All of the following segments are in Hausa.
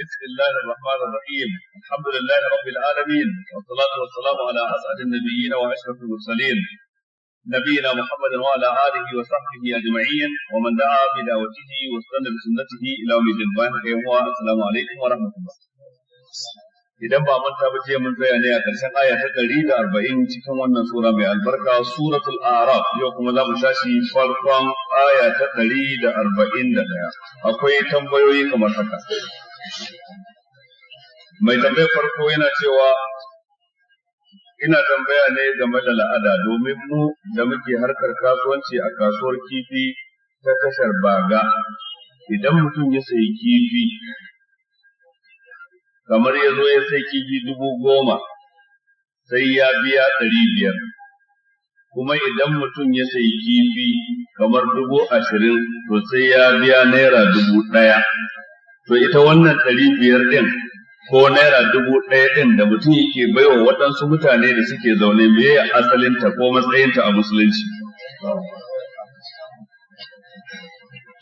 بسم الله الرحمن الرحيم الحمد لله رب العالمين والصلاة والسلام على أسعد النبيين وأشرف المرسلين نبينا محمد وعلى آله وصحبه أجمعين ومن دعا بدعوته واستنى بسنته إلى يوم الدين السلام عليكم ورحمة الله إذا ما من تابتي من mun tsaya ne a ƙarshen aya ta ɗari da arba'in cikin wannan sura mai albarka suratul araf yau kuma za mu tashi farkon aya ta ɗari mai tambayar farko yana cewa ina tambaya ne game da la'ada domin mu da muke harkar kasuwanci a kasuwar kifi ta tashar baga idan mutum ya sayi kifi kamar ya zo ya sai kifi dubu goma sai ya biya ɗari biyar kuma idan mutum ya sayi kifi kamar dubu ashirin to sai ya biya naira dubu ɗaya to ita wannan ɗari biyar ɗin ko naira dubu ɗaya ɗin da mutum yake baiwa waɗansu mutane da suke zaune meye asalinta ko matsayinta a musulunci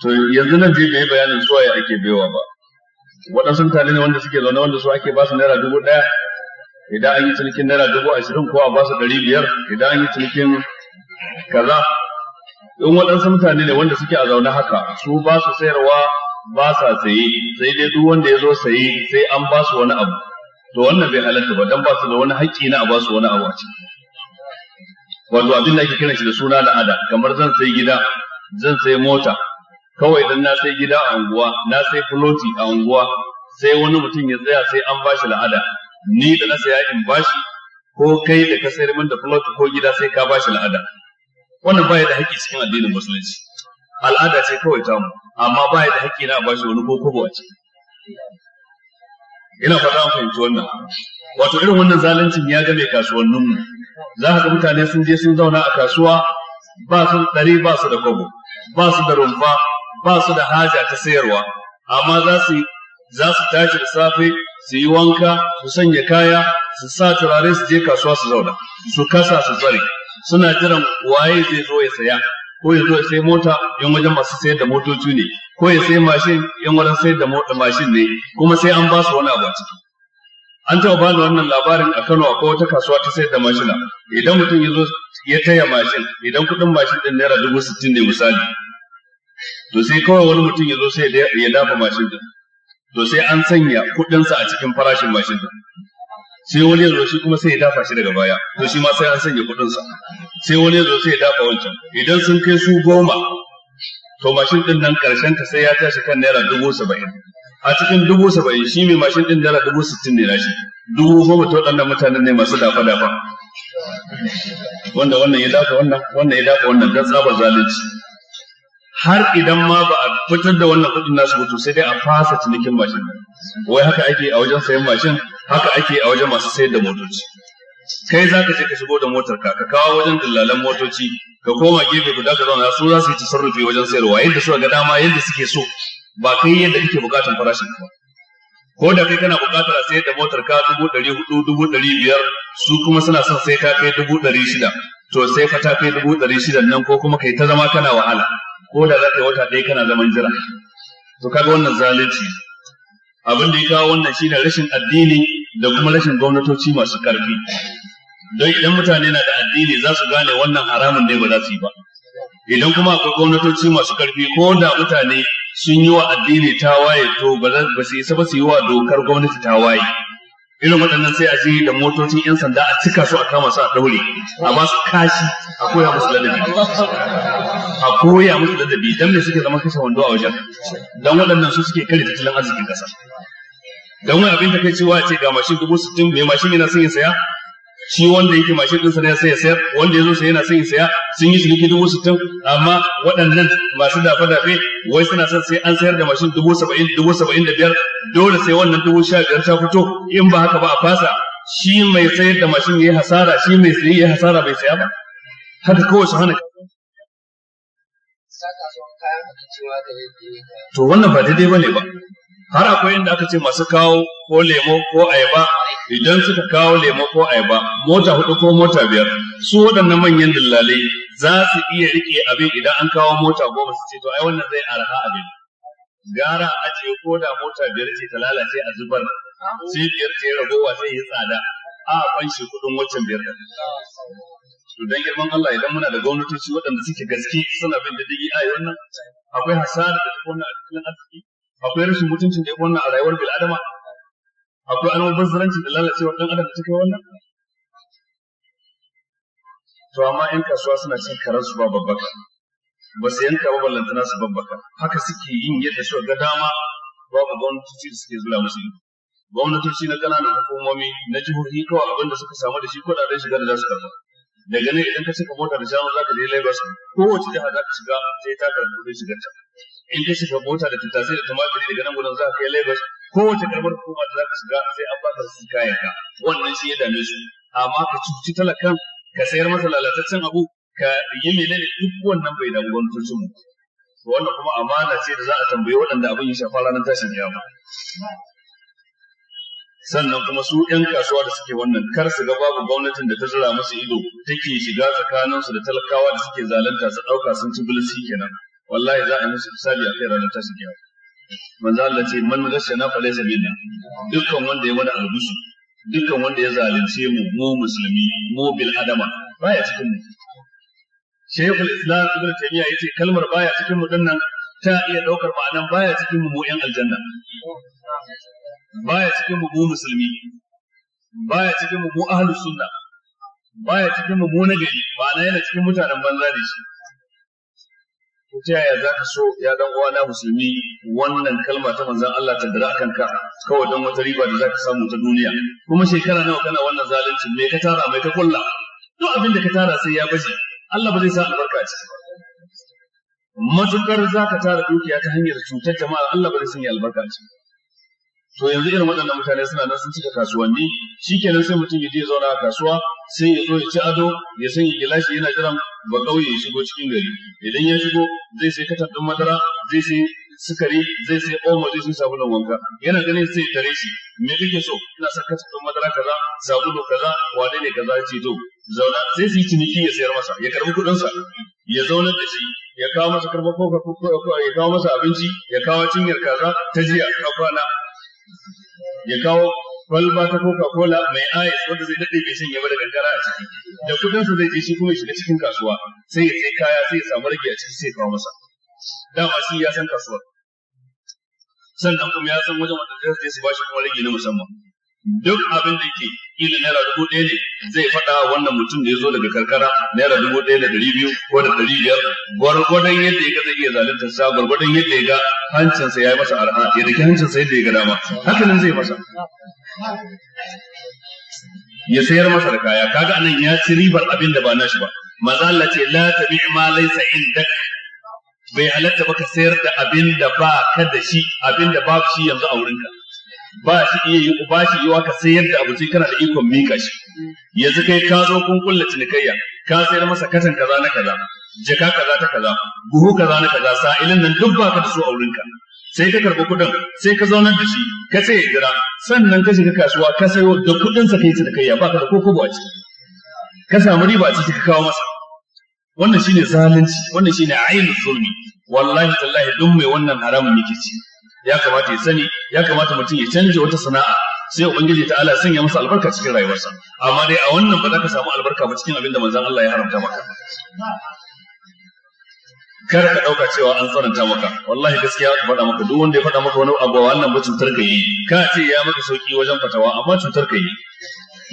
to yanzu nan zai bai bayanin suwaye ake baiwa ba waɗansu mutane ne wanda suke zaune wanda su ake ba su naira dubu ɗaya idan an yi cinikin naira dubu ashirin ko a ba su ɗari biyar idan an yi cinikin kaza in waɗansu mutane ne wanda suke a zaune haka su ba su sayarwa ba sa saye sai dai duk wanda ya zo saye sai an ba su wani abu to wannan bai halatta ba dan ba su da wani haƙƙi na a ba su wani abu a ciki wato abin da ake kiran shi da suna la'ada kamar zan sai gida zan sai mota kawai dan na sai gida a unguwa na sai floti a unguwa sai wani mutum ya tsaya sai an ba shi la'ada ni da na saya in bashi ko kai da ka sayar min da floti ko gida sai ka ba shi la'ada wannan baya da haƙƙi cikin addinin musulunci al'ada ce kawai tamu amma ba ya da haƙƙi na ba shi wani ko kobo a ciki ina fata an fahimci wannan wato irin wannan zaluncin ya game kasuwanninmu za ka ga mutane sun je sun zauna a kasuwa ba su da ɗari ba su da kobo ba su da rumfa ba su da haja ta sayarwa amma za su za su tashi da safe su yi wanka su sanya kaya su sa turare su je kasuwa su zauna su kasa su tsare suna jiran waye zai zo ya saya ko ya zo sai mota yan wajen masu sayar da motoci ne ko ya sai mashin yan wajen sayar da mashin ne kuma sai an ba su wani abu ciki an taɓa bani wannan labarin a Kano akwai wata kasuwa ta sayar da mashina idan mutum ya zo ya taya mashin idan kuɗin mashin ɗin naira dubu sittin ne misali to sai kawai wani mutum ya zo sai ya dafa mashin ɗin to sai an sanya kuɗinsa a cikin farashin mashin ɗin sai wani ya zo shi kuma sai ya dafa shi daga baya to shi ma sai an sanya kudin sa sai wani ya zo sai ya dafa wancan idan sun kai su goma to mashin din nan karshen ta sai ya tashi kan naira dubu saba'in a cikin dubu saba'in shi mai mashin din naira dubu sittin ne nashi dubu goma ta waɗannan mutanen ne masu dafa dafa wanda wannan ya dafa wannan wannan ya dafa wannan don tsabar zalunci har idan ma ba a fitar da wannan kuɗin nasu ba sai dai a fasa cinikin mashin wai haka ake a wajen sayan mashin haka ake a wajen masu sayar da motoci kai za ka je ka shigo da motar ka ka kawo wajen dillalan motoci ka koma gefe guda ka zauna su za su yi tasarrufi wajen sayarwa yadda suka ga dama yadda suke so ba kai yadda kake bukatar farashin ka ko da kai kana bukatar sayar da motar ka dubu ɗari hudu dubu ɗari biyar su kuma suna son sai ta kai dubu ɗari shida to sai fa ta kai dubu ɗari shida nan ko kuma kai ta zama kana wahala ko da za ka yi wata ɗaya kana zaman jira to kaga wannan zalunci abin da ya kawo wannan shi shine rashin addini da kuma rashin gwamnatoci masu ƙarfi. don idan mutane na da addini za su gane wannan haramun dai ba za su yi ba idan kuma akwai gwamnatoci masu ƙarfi ko da mutane sun yi wa addini tawaye to ba su isa ba su yi wa dokar gwamnati ta tawaye irin waɗannan sai a je da motocin 'yan sanda a cika su a kama su a ɗaure a ba su kashi a koya musu ladabi a koya musu da dabi dan me suke zama kashe wando a wajen dan waɗannan su suke kare tattalin arzikin ƙasa dan wani abin da kai cewa ce ga mashin dubu sittin mai mashin yana son ya saya shi wanda yake mashin ɗinsa na sai ya sayar wanda ya zo sai yana son ya saya sun yi ciniki dubu sittin amma waɗannan masu dafa-dafa dafe wai suna son sai an sayar da mashin dubu saba'in dubu saba'in da biyar dole sai wannan dubu sha biyar ta fito in ba haka ba a fasa shi mai sayar da mashin ya yi hasara shi mai sayi ya hasara bai saya ba haka kawai su hana to wannan ba daidai bane ba har akwai inda aka ce masu kawo ko lemo ko ayaba idan suka kawo lemo ko ayaba mota hudu ko mota biyar su waɗannan manyan dillalai za su iya rike abin idan an kawo mota goma su ce to ai wannan zai araha abin gara a ce ko da mota biyar ce ta lalace a zubar sai biyar ce ragowa sai yi tsada a kwanshi kudin waccan biyar to dan girman Allah idan muna da gwamnatoci waɗanda suke gaske suna bin da digi ayi wannan akwai hasara da wannan a cikin arziki akwai rashin mutuncin da ya wannan a rayuwar bil adama akwai almubazzaranci da lalacewar dan adam da take wannan to amma yan kasuwa suna cin karar su ba babbaka ba su yanka ba ballantana su babbaka haka suke yin yadda su ga dama babu gwamnatoci da suke zura musu gwamnatoci na ƙananan hukumomi na jihohi kawai abinda suka samu da shi kuɗaɗen shiga da za su karɓa daga nan idan ka saka mota da shanu ka je Lagos kowace jiha ka shiga sai ta karbi kudin shigar ta in ka shiga mota da tattasai da tumatiri daga nan gudun ka kai Lagos kowace karbar hukuma da ka shiga sai an baka su kayan ka wannan shi ya dame su amma ka cuci talakan ka sayar masa lalataccen abu ka yi menene duk wannan bai damu gwamnatocin mu wannan kuma amana ce da za a tambayi waɗanda abin ya shafa ranar tashin kiyama sannan kuma su 'yan kasuwa da suke wannan kar su ga babu gwamnatin da ta zura musu ido take shiga tsakaninsu da talakawa da suke zalunta su ɗauka sun ci bilisi kenan wallahi za a yi musu misali a kai ranar tasu kiyama manzo Allah ce man ghashana na laysa minna dukkan wanda ya wani albusu, dukkan wanda ya zalunce mu mu musulmi mu bil adama baya cikin mu Shaykhul Islam Ibn Taymiyyah yace kalmar baya cikin mu dinnan ta iya daukar ma'anan baya cikin mu mu 'yan aljanna baya cikin mu musulmi baya cikin mu ahlus sunna baya cikin mu na gari ma'ana yana cikin mutanen banza da shi to ta yaya za ka so ya dan uwa na musulmi wannan kalma ta manzon Allah ta dara kanka kawai dan wata riba da za ka samu ta duniya kuma shekara nawa kana wannan zalunci me ka tara mai ka kulla duk abin da ka tara sai ya baje Allah ba zai sa albarka ci matukar za ka tara dukiya ta hanyar cutar jama'a Allah ba zai sanya albarka ci to yanzu irin waɗannan mutane suna nan sun cika kasuwanni Shi kenan sai mutum ya je ya zauna a kasuwa sai ya zo ya ci ado ya sanya gilashi yana jiran ba ƙauye ya shigo cikin gari idan ya shigo zai sai katar ɗin madara zai sai sukari zai sai omo zai sai sabulun wanka yana ganin sai tare shi me kake so ina son katar ɗin madara kaza sabulu kaza wane ne kaza ce to zauna sai su yi ciniki ya sayar masa ya karbi kuɗinsa ya zauna da shi ya kawo masa karɓar ko ya kawo masa abinci ya kawo cinyar kaza ta jiya ta kwana ya kawo kwalba ta coca cola mai ayis wanda zai daɗe mai sanya ba da kankara a ciki da kudinsa zai je shi kuma ya shiga cikin kasuwa sai ya sai kaya sai ya samu rage a ciki sai kawo masa dama shi ya san kasuwar sannan kuma ya san wajen wanda zai su ba kuma rage na musamman duk abin da ke kila naira dubu ɗaya ne zai faɗa wannan mutum da ya zo daga karkara naira dubu ɗaya da ɗari biyu ko da ɗari biyar gwargwadon yadda ya ga zai iya zalunta sa gwargwadon yadda ya ga hancinsa ya yi masa arha ya daki hancinsa yadda ya ga dama haka nan zai masa ya sayar masa da kaya kaga anan ya ci ribar abin da ba nashi ba maza Allah ce la tabi ma laysa da bai halatta ba ka sayar da abin da ba ka da shi abin da babu shi yanzu a wurinka ba shi iya yi ba shi yiwa ka sayar da abu sai kana da ikon mika shi yanzu kai ka zo kun kulla cinikayya ka sayar masa katan kaza na kaza jaka kaza ta kaza buhu kaza na kaza sa'ilin nan duk ba ka da su a wurinka sai ka karɓi kuɗin sai ka zaunar da shi ka sai ya jira sannan ka shiga kasuwa ka sayo da kuɗin sa kai cinikayya ba ka da koko a ciki ka samu riba a ciki ka kawo masa wannan shine zalunci wannan shine ainihin zulmi wallahi tallahi duk mai wannan haramun yake ci ya kamata ya sani ya kamata mutum ya canja wata sana'a sai ubangiji ta Allah sanya masa albarka cikin rayuwarsa amma dai a wannan ba za ka samu albarka ba cikin abin da manzon Allah ya haramta maka kar ka dauka cewa an tsananta maka wallahi gaskiya ba faɗa maka duk wanda ya faɗa maka wani abu wannan ba cutar ka yi ka ce ya maka sauki wajen fatawa amma cutar ka yi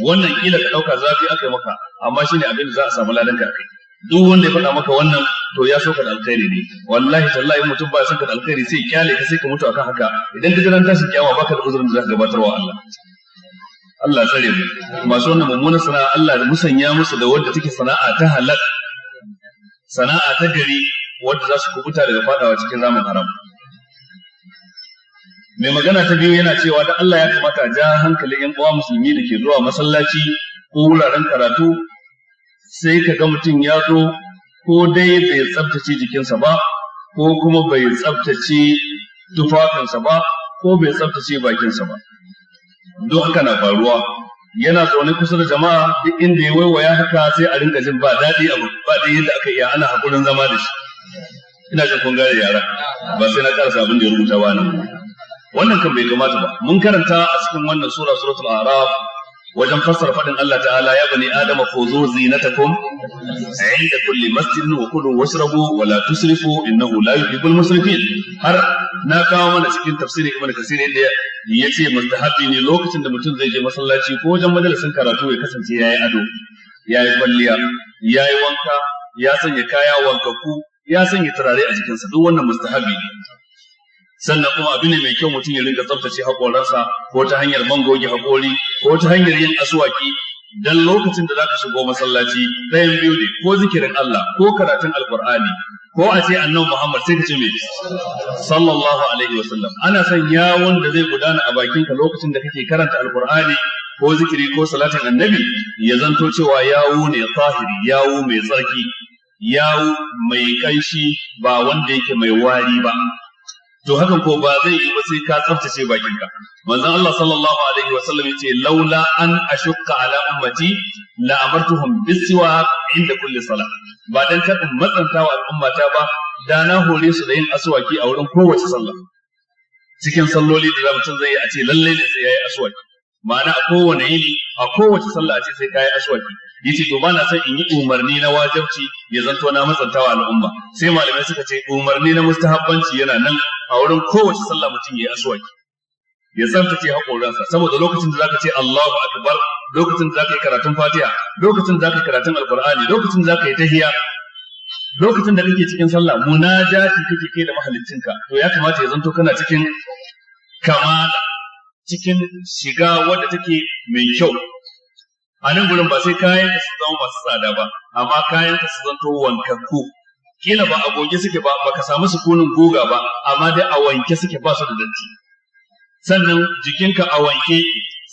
wannan kila ka dauka zafi aka yi maka amma shine abin da za a samu ladan ka kai duk wanda ya faɗa maka wannan to ya shoka da alkhairi ne wallahi tallahi mutum ba ya soka da alkhairi sai kyale ka sai ka mutu akan haka idan ka jiran tashi kiyama baka da uzurin da zaka gabatarwa Allah Allah tsare mu masu wannan mummunan sana'a Allah da musanya musu da wadda take sana'a ta halal sana'a ta gari wadda za su kubuta daga fadawa cikin zaman haram mai magana ta biyu yana cewa da Allah ya kamata ja hankalin yan uwa musulmi da ke zuwa masallaci ko wuraren karatu sai ka ga mutum ya zo ko dai bai tsabtace jikinsa ba ko kuma bai tsabtace tufafinsa ba ko bai tsabtace bakinsa ba duk haka na faruwa yana tsaunin kusa da jama'a duk inda ya waiwaya haka sai a rinka jin ba daɗi abu ba da yadda aka iya ana haƙurin zama da shi ina jin kun gane yara ba sai na ƙarasa abin da ya rubuta ba nan wannan kan bai kamata ba mun karanta a cikin wannan sura suratul araf wajen fassara faɗin Allah ta'ala ya bani adama khuzu zinatakum inda kulli masjidin wa kulu washrabu wa la tusrifu innahu la yuhibbul musrifin har na kawo mana cikin tafsirin Ibn Kasir inda yace mustahabi ne lokacin da mutum zai je masallaci ko wajen majalisin karatu ya kasance yayi ado yayi kwalliya yayi wanka ya sanya kaya wankaku ya sanya turare a jikinsa duk wannan mustahabi ne sannan kuma abu ne mai kyau mutum ya rinka tsaftace haƙoransa ko ta hanyar man goge haƙori ko ta hanyar yin asuwaki dan lokacin da za ka shigo masallaci ɗayan biyu ne ko zikirin Allah ko karatun Alƙur'ani, ko a ce annabi Muhammad sai ka ce me sallallahu alaihi wasallam ana son yawon da zai gudana a bakinka lokacin da kake karanta Alƙur'ani, ko zikiri ko salatin annabi ya zanto cewa yawo ne tsahiri yawo mai tsarki yawo mai kanshi ba wanda yake mai wari ba to hakan ko ba zai yi ba sai ka tsaftace bakinka manzon Allah sallallahu alaihi wasallam yace laula an ashukka ala ummati la amartuhum inda kulli salat ba dan kar in matsanta wa al'ummata ba da na hore su da yin aswaki a wurin kowace sallah cikin salloli da za mutum zai yi a ce lallai ne sai yayi aswaki ma'ana a kowane yini a kowace sallah a ce sai kayi aswaki yace to bana son in yi umarni na wajibci ya zanto na matsantawa al'umma sai malamai suka ce umarni na mustahabbanci yana nan a wurin kowace sallah mutum ya yi aswaki ya tsaftace haƙoransa saboda lokacin da zaka ce Allahu akbar lokacin da zaka yi karatun Fatiha lokacin da zaka yi karatun Alqur'ani lokacin da zaka yi tahiyya lokacin da kake cikin sallah munajati kake kai da mahaliccinka to ya kamata ya zanto kana cikin kamala cikin shiga wadda take mai kyau a nan gurin ba sai kayanka su zama masu tsada ba amma kayan su zanto wankakku kila ba a goge suke ba ba ka samu sukunin goga ba amma dai a wanke suke ba su da datti sannan jikinka a wanke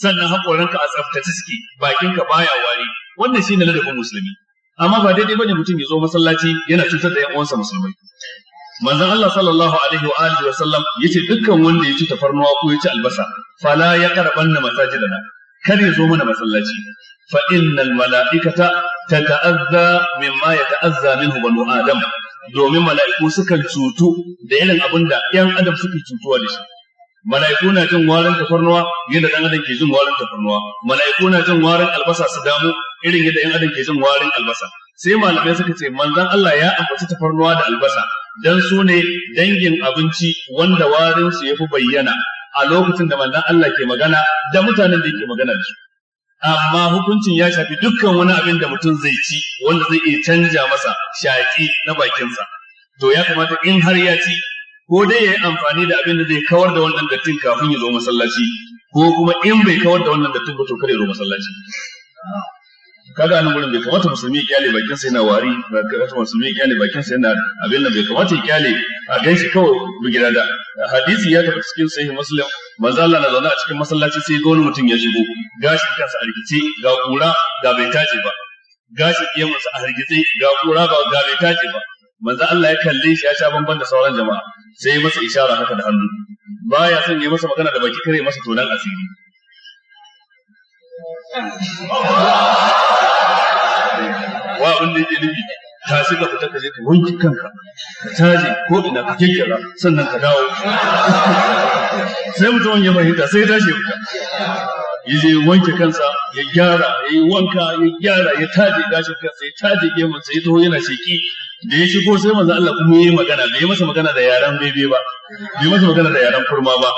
sannan haƙoranka a tsaftace suke bakinka baya wari wannan shine ladabin musulmi amma ba daidai bane mutum ya zo masallaci yana cutar da 'yan uwansa musulmai manzon Allah sallallahu alaihi wa alihi wa sallam yace dukkan wanda ya ci tafarnuwa ko ya ci albasa fala ya karban masajidana kar ya zo mana masallaci fa innal mala'ikata tata'azza mimma yata'azza minhu banu adam domin mala'iku sukan cutu da irin abin da ‘yan adam suka cutuwa da shi. Mala'iku na jin warin tafarnuwa yadda ɗan adam ke jin warin tafarnuwa. Mala'iku na jin warin albasa su damu irin yadda ‘yan adam ke jin warin albasa. Sai malamai suka ce manzon Allah ya ambaci tafarnuwa da albasa don su ne dangin abinci wanda warin su ya fi bayyana a lokacin da manzon Allah ke magana da mutanen da yake magana da su amma hukuncin ya shafi dukkan wani abin da mutum zai ci wanda zai iya canja masa shaƙi na bakinsa to ya kamata in har ya ci ko dai ya yi amfani da abin da zai kawar da wannan dattin kafin ya zo masallaci ko kuma in bai kawar da wannan dattin ba to kare zo masallaci kaga nan gurin bai kamata musulmi kyale bakin sa yana wari ba kamata musulmi kyale bakin sa yana abin nan bai kamata ya kyale a ganshi kawai bugira da hadisi ya tafi cikin sahih muslim manzo Allah na zaune a cikin masallaci sai ga wani mutum ya shigo gashi kansa a rikice ga kura ga bai tace ba gashin sa a rikice, ga kura ba ga bai tace ba manzo Allah ya kalle shi ya sha bamban da sauran jama'a sai ya masa ishara haka da hannu baya son ya masa magana da baki kare masa tonan asiri wa wanda yake nufi ta shi ka fita ka je ka wanki kanka ka caje ko ina ka kekkera sannan ka dawo sai mutum ya fahimta sai tashi fita ya je wanke kansa ya gyara ya yi wanka ya gyara ya taje gashin kansa ya taje gemansa ya taho yana sheki da ya shigo sai manzo Allah kuma ya yi magana bai masa magana da yaran bebe ba bai masa magana da yaran kurma ba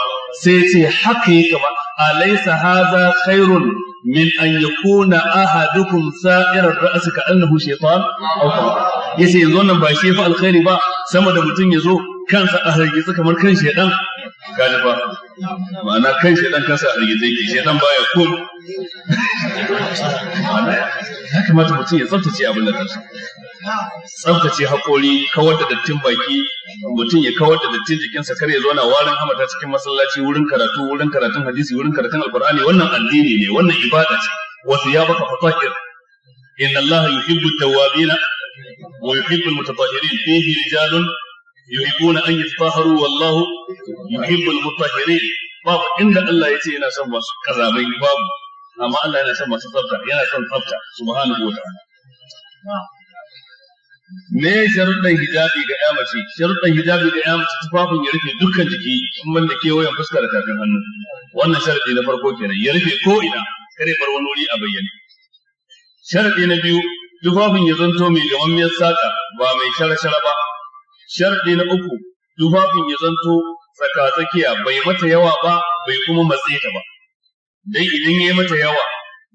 sai ya ce haka yake ba alaysa hadha khairun min an yakuna ahadukum sa'irar ra'si ka annahu shaytan aw yace yanzu wannan ba shi fa alkhairi ba sama da mutum yazo kansa a hargitsa kamar kan shaytan galiba ma'ana kan shaytan kansa a hargitsa yake shaytan baya kun ya kamata mutum ya tsaftace abin da tsaftace haƙori kawar da dattin baki mutum ya kawar da dattin jikinsa kar ya zo na warin hamata cikin masallaci wurin karatu wurin karatun hadisi wurin karatun alqur'ani wannan addini ne wannan ibada ce wasu ya baka fatahir inna allaha yuhibbu tawwabina wa yuhibbu almutatahirin fihi rijalun yuhibbuna an yatahharu wallahu yuhibbu almutatahirin babu inda Allah yace yana son masu kazamai babu amma Allah yana son masu tsafta yana son tsafta subhanahu wa ta'ala me sharuɗan hijabi ga yamace mace sharuɗan hijabi ga ya tufafin ya rufe dukkan jiki in da kewayen fuska da tafin hannu wannan sharaɗi na farko kenan ya rufe ko ina kare bar wani wuri a bayyane sharaɗi na biyu tufafin ya zanto mai gamammiyar saƙa ba mai shara-shara ba sharaɗi na uku tufafin ya zanto tsaka-tsakiya bai mata yawa ba bai kuma matse ta ba dai idan ya yi mata yawa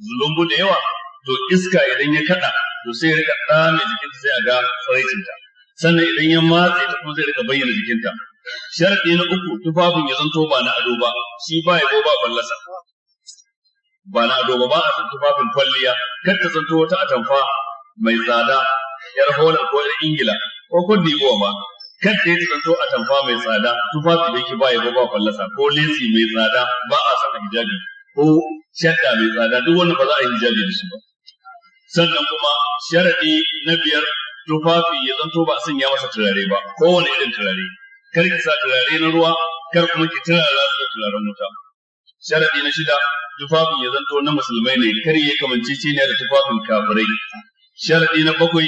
zulumbu da yawa to iska idan ya kaɗa to sai ya rika tsame jikinta sai a ga faraicinta sannan idan ya matse ta kuma zai rika bayyana jikinta sharadi na uku tufafin ya zanto ba na ado ba shi ba ya ba ballasa ba na ado ba ba a san tufafin kwalliya kar ta zanto wata atamfa mai tsada yar hola ko yar ingila ko kudi ko ba kar ta yi zanto atamfa mai tsada tufafi da yake ba ya ba ballasa ko lesi mai tsada ba a san hijabi ko shadda mai tsada duk wanda ba za a yi hijabi da shi ba sannan kuma sharaɗi na biyar tufafi ya zanto ba a sanya masa turare ba kowane irin turare kar ki sa turare na ruwa kar kuma ki turara su da turaren wuta Sharaɗi na shida tufafin ya zanto na musulmai ne kar ya kamanci ne da tufafin kafirai sharadi na bakwai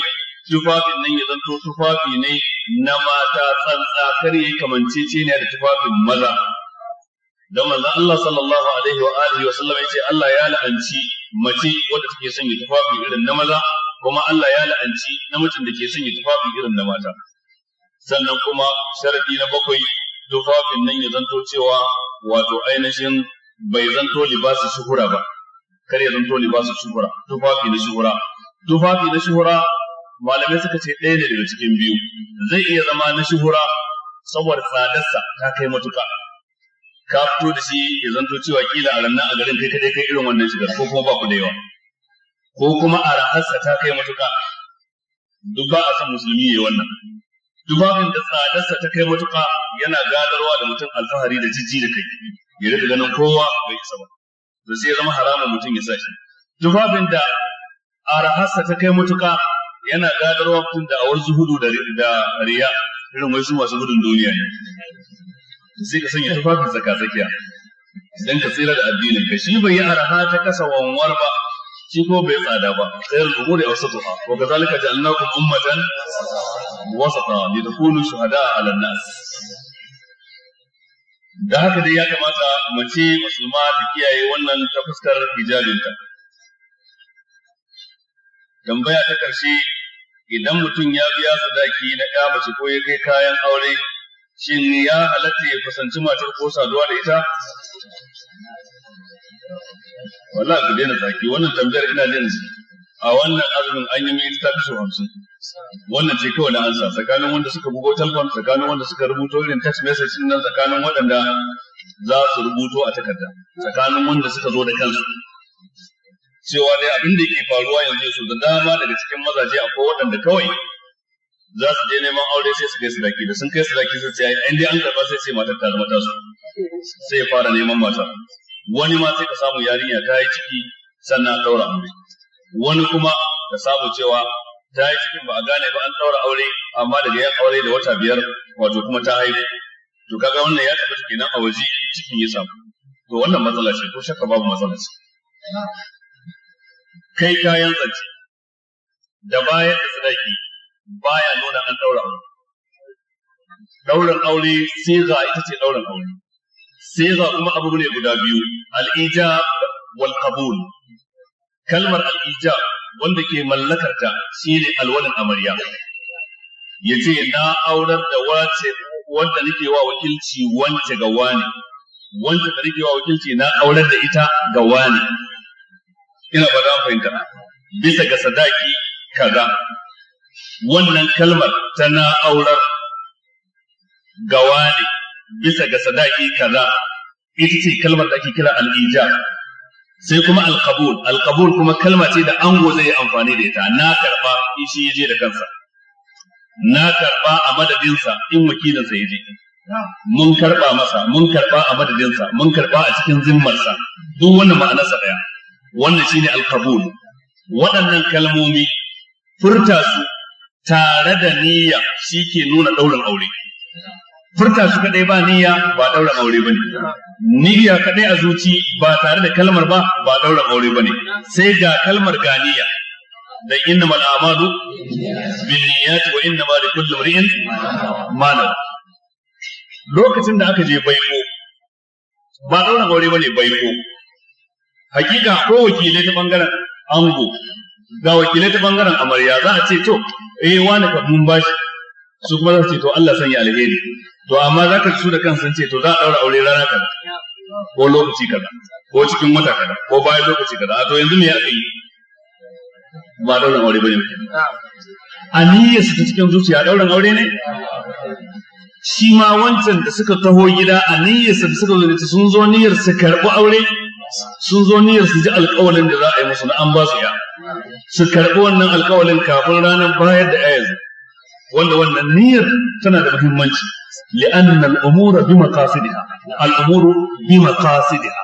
tufafin nan ya zanto tufafi ne na mata tsantsa kar ya kamanci ne da tufafin maza da manzo Allah sallallahu alaihi wa alihi wa sallam yace Allah ya la'anci mace wadda take son ya tufafi irin na maza kuma Allah ya la'anci namijin da ke son ya tufafi irin na mata sannan kuma sharadi na bakwai tufafin nan ya zanto cewa wato ainihin bai zanto libasu shuhura ba kar ya zanto libasu shuhura tufafi na shuhura tufafi na shuhura malamai suka ce ɗaya ne daga cikin biyu zai iya zama na shuhura saboda tsadarsa ta kai matuka ka fito da shi ya zanto cewa kila a ranar a garin kai kadai kai irin wannan shigar ko kuma ba ku da yawa ko kuma a raharsa ta kai matuka duk ba a son musulmi ya yi wannan ba da tsadarsa ta kai matuka yana gadarwa da mutum alfahari da jijji da kai ya rika ganin kowa bai isa ba to sai ya zama haramun mutum ya sa shi tufafin da a raharsa ta kai matuka yana gadarwa mutum da awar zuhudu da riya irin wasu su masu gudun duniya ne zai ka sanya tufafin zakazakiya idan ka tsira da addinin ka shi bai yi araha ta kasa wanwar ba shi ko bai tsada ba tsayar wasu tuha ko kazalika ja'alnakum ummatan wasata litakunu shuhada 'ala nas da haka dai ya kamata mace musulma ta kiyaye wannan ta fuskar hijabinta tambaya ta karshe idan mutum ya biya sadaki na ya mace ko ya kai kayan aure shin ya halatta ya kusanci matar ko saduwa da ita wallahi ku daina zaki wannan tambayar ina jin a wannan azumin an yi mai ta kashe hamsin wannan ce kawai na ansa tsakanin wanda suka bugo telefon tsakanin wanda suka rubuto irin text message nan tsakanin waɗanda za su rubuto a takarda tsakanin wanda suka zo da kansu cewa dai abin da ke faruwa yanzu su da dama daga cikin mazaje akwai waɗanda kawai za su je neman aure sai su kai sadaki da sun kai sadaki sai su yi in dai an karba sai sai matar ta zama su. sai fara neman mata wani ma sai ka samu yarinya ta yi ciki sannan an daura aure wani kuma ka samu cewa ta yi ciki ba a gane ba an daura aure amma daga yan aure da wata biyar wato kuma ta haihu to kaga wannan ya tafi tabbata nan a waje cikin ya samu to wannan matsala ce ko shakka babu matsala ce kai kayan tsaki. da bayan da sadaki baya nuna an daura aure Ɗaurin aure siga ita ce ɗaurin aure siga kuma abu ne guda biyu al-ijab wal qabul kalmar al-ijab wanda ke mallakar ta shine alwalin amarya yace na aurar da wace wanda nake wa wakilci wance ga wani wanda da nake wa wakilci na aurar da ita ga wani ina ba za fahimta bisa ga sadaki kaza wannan kalmar tana aurar gawa bisa ga sadaki kaza ita ce kalmar da ake kira Al-Ija. sai kuma al-qabul kuma kalma ce da ango zai yi amfani da ita na karba shi ya da kansa na karba a madadinsa in wakilin ya je mun karba masa mun karba a madadinsa mun karba a cikin zimmar sa, duk wannan sa daya wannan shine al-qabul waɗannan kalmomi furta su tare da niyya shi ke nuna ɗaurin aure furta su kadai ba niyya ba ɗaurin aure bane niyya kadai a zuci ba tare da kalmar ba ba ɗaurin aure bane sai ga kalmar ga niyya inna innamal a'malu binniyat wa inna likulli imrin ma mana. lokacin da aka je baiko ba ɗaurin aure ba ne baiko hakika ko wakilai ta bangaren ango ga wakilai ta bangaren amarya za a ce to eh wani ka mun bashi su kuma za su ce to Allah sanya alheri to amma za ka su da kansu ce to za a daura aure rana kaza ko lokaci kaza ko cikin wata kaza ko bayan lokaci kaza a to yanzu me ya kai ba dauran aure bane aniyya su ta cikin zuciya dauran aure ne shi ma wancan da suka taho gida a niyyarsa da suka zo sun zo niyyar su karɓi aure sun zo niyyar su ji alƙawalin da za a yi musu na an ba su ya su karɓi wannan alƙawalin kafin ranar bayar da ayar wanda wannan niyyar tana da muhimmanci li'anna al'umura bi maqasidiha al'umuru bi maqasidiha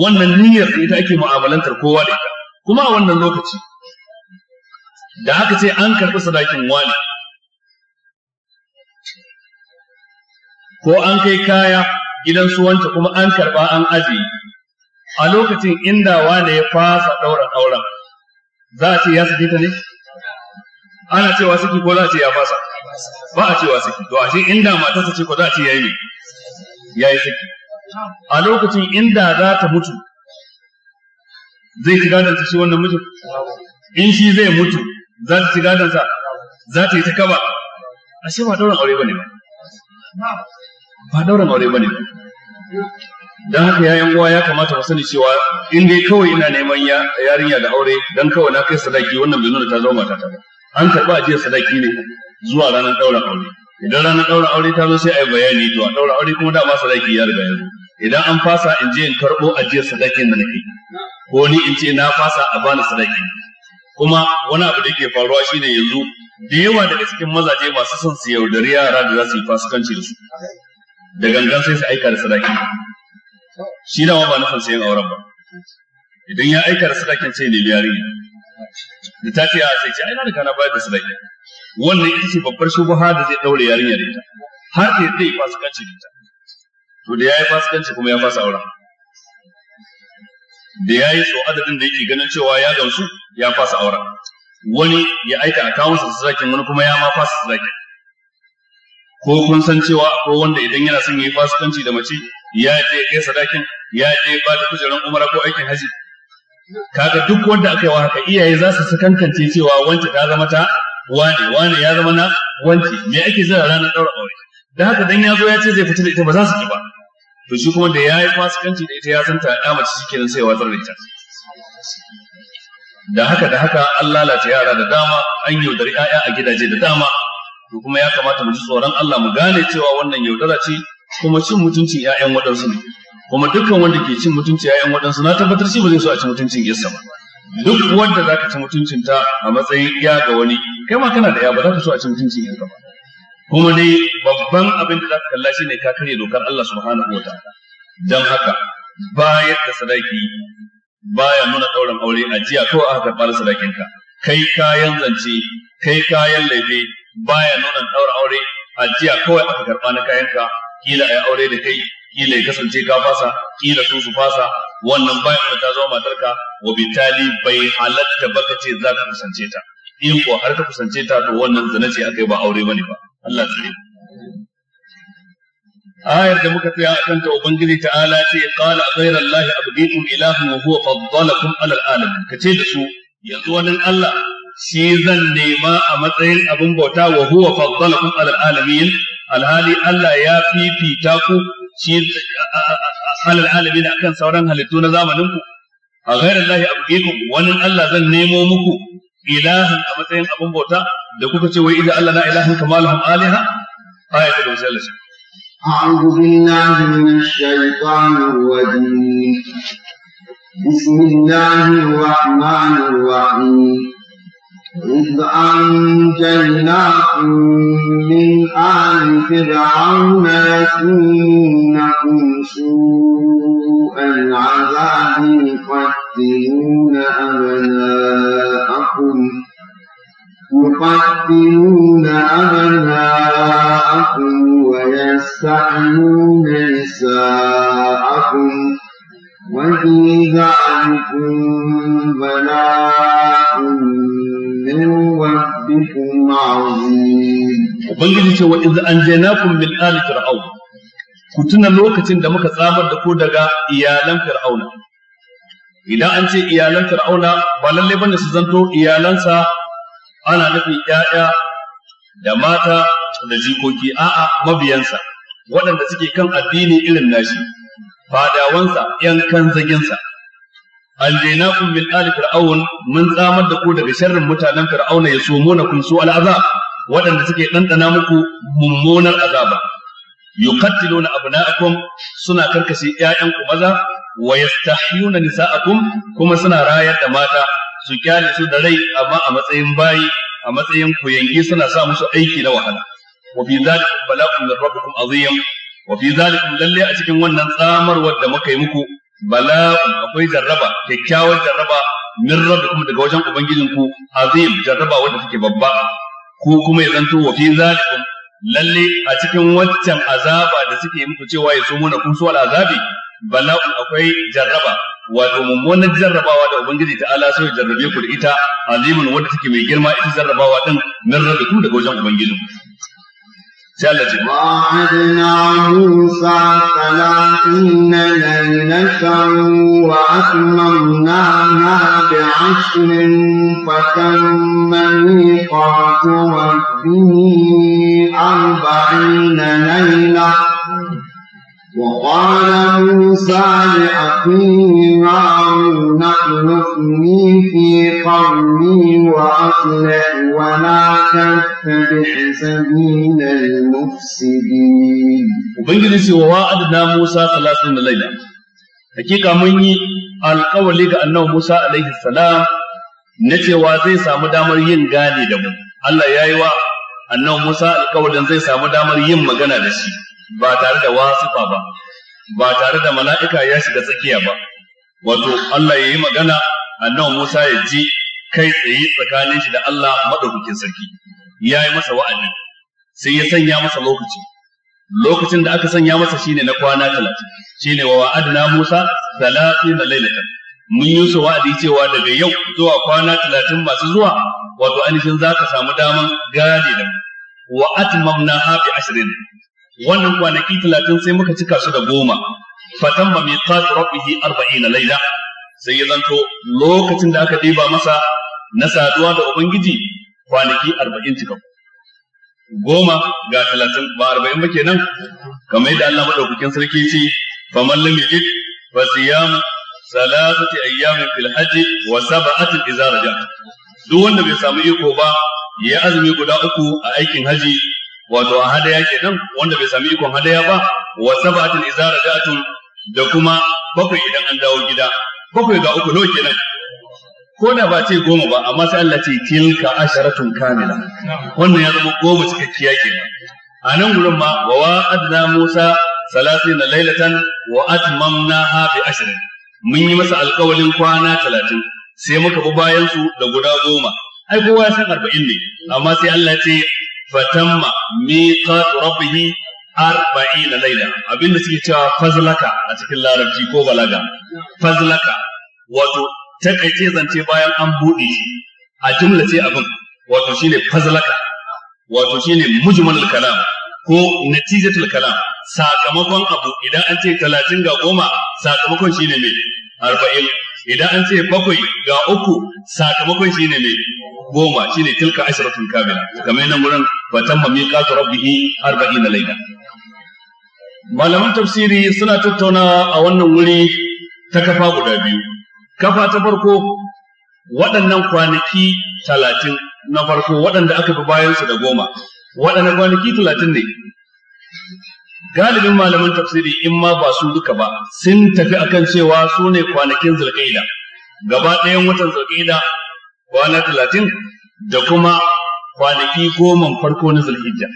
wannan niyyar ita ake mu'amalantar kowa da ita kuma a wannan lokaci da aka ce an karɓi sadakin wani ko an kai kaya gidan su wanke kuma an karɓa an ajiye a lokacin inda wane ya fasa ɗaura ɗauran za a ce ya suke ta ne ana cewa suke ko za a ce ya fasa ba a cewa suke. to ce inda matarsa ce ko za a ce ya yi ya yi saki a lokacin inda za ta mutu zai ci gadon shi wannan mutu. in shi zai mutu za ta ci gadon sa za ta yi ta kaba ashe ba dauran aure ne ba ba dauran aure ne ba dan haka yayan uwa ya kamata mu sani cewa in dai kawai ina neman yarinya da aure dan kawai na kai sadaki wannan bai nuna ta zama matata ba an karɓi ajiyar sadaki ne zuwa ranar ɗaurin aure idan ranar ɗaurin aure ta zo sai a yi bayani to a ɗaurin aure kuma dama sadaki ya riga ya zo idan an fasa in je in karɓo ajiyar sadakin da nake ko ni in ce na fasa a bani sadaki kuma wani abu da ke faruwa shine yanzu da yawa daga cikin mazaje masu son su yaudari yara da za su yi fasikanci da su da gangan sai su aika da sadaki shi dama ba nufin sayan auren ba idan ya aika da sadakin sai ne yarinya da ta ce a ah, sai ce aina da kana bayar da sadaki wannan ita ce babbar har da zai daure yarinya da ita har da zai fasikanci da ita to da yi fasikanci kuma ya fasa auren da yi so adadin da yake ganin cewa ya gamsu ya fasa auren wani ya aika a kawo sa sadakin wani kuma ya ma fasa sadakin ko kun san cewa ko wanda idan yana son yi fasikanci da mace ya je kai sadakin ya je ba da kujerar umara ko aikin haji kaga duk wanda aka yi wa haka iyaye za su sakankance cewa wance ta zama ta wane wane ya zama na wance me ake zira ranar daura aure da haka dan ya zo ya ce zai fita da ita ba za su ki ba to shi kuma da ya yi fasikanci da ita ya san ta ya mace nan sai ya watsar da ita da haka da haka an lalata yara da dama an yaudari 'ya'ya a gidaje da dama to kuma ya kamata mu ji tsoron Allah mu gane cewa wannan yaudara ce kuma cin mutuncin 'ya'yan waɗansu ne kuma dukkan wanda ke cin mutuncin 'ya'yan waɗansu na tabbatar shi ba zai so a ci mutuncin yasa ba duk wanda za ka ci mutuncin ta a matsayin ya ga wani kai ma kana da ya ba za ka so a ci mutuncin yasa ba kuma dai babban abin da za ka kalla shi ne ka karya dokar Allah subhanahu wa ta'ala dan haka bayar da sadaki baya nuna ɗaurin aure a jiya ko aka karɓar ka, kai kayan zance kai kayan laifi baya nuna ɗaurin aure a jiya kawai aka karɓa na kayanka kila ya aure da kai kila ya kasance ka fasa kila su su fasa wannan bayan da ta zama matarka wa bitali bai halatta baka ce za ka kusance ta in ko har ka kusance ta to wannan zina ce akai ba aure bane ba Allah tsare ayar da muka tsaya akan ta ubangiji ta'ala ce qala ghayra allahi abdiikum ilahun wa huwa faddalakum ala alamin kace da su yanzu wannan Allah shi zan nema a matsayin abin bauta wa huwa faddalakum ala alamin alhali Allah ya fifita ku shi alal alamin akan sauran halittu na zamanin ku a ghairin lahi abdiku wani Allah zan nemo muku ilahan a matsayin abun bauta da kuka ce wai idan Allah na ilahan kamalahum aliha aya ta dole Allah أعوذ بالله من الشيطان الرجيم بسم الله الرحمن الرحيم إذ أنجيناكم من آل فرعون يسومونكم سوء العذاب يقدمون أبناءكم يقدمون أبناءكم ويستعنون نساءكم وفي ذلكم بلاء ubangiji ce wa وبنجي an min ali fir'aun ku tuna lokacin da muka tsamar da ko daga iyalan fir'auna idan an ce iyalan fir'auna ba lalle bane su zanto iyalansa ana nufin 'ya'ya da mata da jikoki a'a mabiyansa waɗanda suke kan addini irin nashi fadawansa ƴan kanzaginsa anjaynakum min ali fir'aun mun tsamar da ku daga sharrin mutanen fir'auna ya yasumunakum su'al al'aza, waɗanda suke ɗanɗana muku mummunar azaba yuqattiluna abna'akum suna karkashe ku maza wa yastahyuna nisa'akum kuma suna rayar da mata su kyale su da rai amma a matsayin bayi a matsayin kuyangi suna sa musu aiki na wahala wa fi zalikum bala'un min rabbikum azim wa fi zalikum lalle a cikin wannan tsamarwar da muka yi muku bala'un akwai jarraba kyakkyawar jarraba min rabbikum daga wajen ku. azim jarraba wanda take babba ku kuma ya zanto wa fi zalikum lalle a cikin waccan azaba da suke muku cewa ya somo na kusu wal azabi bala'un akwai jarraba wato mummunan jarrabawa da ubangiji ta ala sai jarrabe ku da ita Azimun wanda take mai girma ita jarrabawa din min rabbikum daga wajen ubangijinku جلد وعدنا موسى ثلاثين ليلة وأتممناها بعشر فتم ميقات ربه أربعين ليلة وقال موسى لأخيه هارون اخلفني في قومي وأصلح ولا تتبع سبيل المفسدين. وبنجلس ووعدنا موسى ثلاثين ليلة. Hakika mun yi alkawali ga annabi Musa alaihi salam na cewa zai samu damar yin gane da mu. Allah ya yi wa annabi Musa alkawalin zai samu damar yin magana da shi. ba tare da wasifa ba ba tare da mala'ika ya shiga tsakiya ba wato Allah ya yi magana annabi Musa ya ji kai tsaye tsakanin shi da Allah madaukakin sarki ya yi masa wa'adin sai ya sanya masa lokaci lokacin da aka sanya masa shine na kwana talatin shine wa wa'adna Musa talatin da lailatan mun yi su wa'adi cewa daga yau zuwa kwana talatin masu zuwa wato ainihin za ka samu daman gane da mu wa atmamna ashirin wannan kwanaki talatin sai muka cika su da goma fatan ma miqat rabbihi arba'ina laida sai ya zanto lokacin da aka ɗiba masa na saduwa da ubangiji kwanaki arba'in cika goma ga talatin ba arba'in ba kenan kamar yadda Allah madaukakin sarki ce faman lam yajid fa siyam salasati ayyamin fil hajji wa sab'atin idza duk wanda bai samu iko ba ya azumi guda uku a aikin haji wato a hadaya kenan wanda bai sami ikon hadaya ba wa sab'atin idza raja'tum da kuma bakwai idan an dawo gida bakwai ga uku nawa kenan ko da ba ce goma ba amma sai Allah ce tilka asharatun kamila wannan ya zama goma cikakkiya kenan a nan gurin ma wa wa'adna Musa salasina lailatan wa atmamnaha bi ashrin mun yi masa alkawalin kwana talatin sai muka bi bayan su da guda goma ai kowa ya san arba'in ne amma sai Allah ce fatamma miqat rabbih arba'ina laila abinda suke cewa fazlaka a cikin larabci ko balaga fazlaka wato takaice zance bayan an buɗe shi a jumla ce abin wato shine fazlaka wato shine mujmalul kalam ko natijatul kalam sakamakon abu idan an ce talatin ga goma sakamakon shine mai arba'in idan an ce bakwai ga uku sakamakon shine mai goma shine tilka ashiratun kamila kamar nan gurin fa tamma miqatu rabbih 40 layla malaman tafsiri suna tattauna a wannan wuri ta kafa guda biyu kafa ta farko waɗannan kwanaki talatin na farko waɗanda aka fi bayansu da goma waɗannan kwanaki talatin ne galibin malaman tafsiri in ma ba su duka ba sun tafi akan cewa su ne kwanakin zulqaida gaba ɗayan watan zulqaida kwana talatin da kuma kwanaki goma farko na zulhijja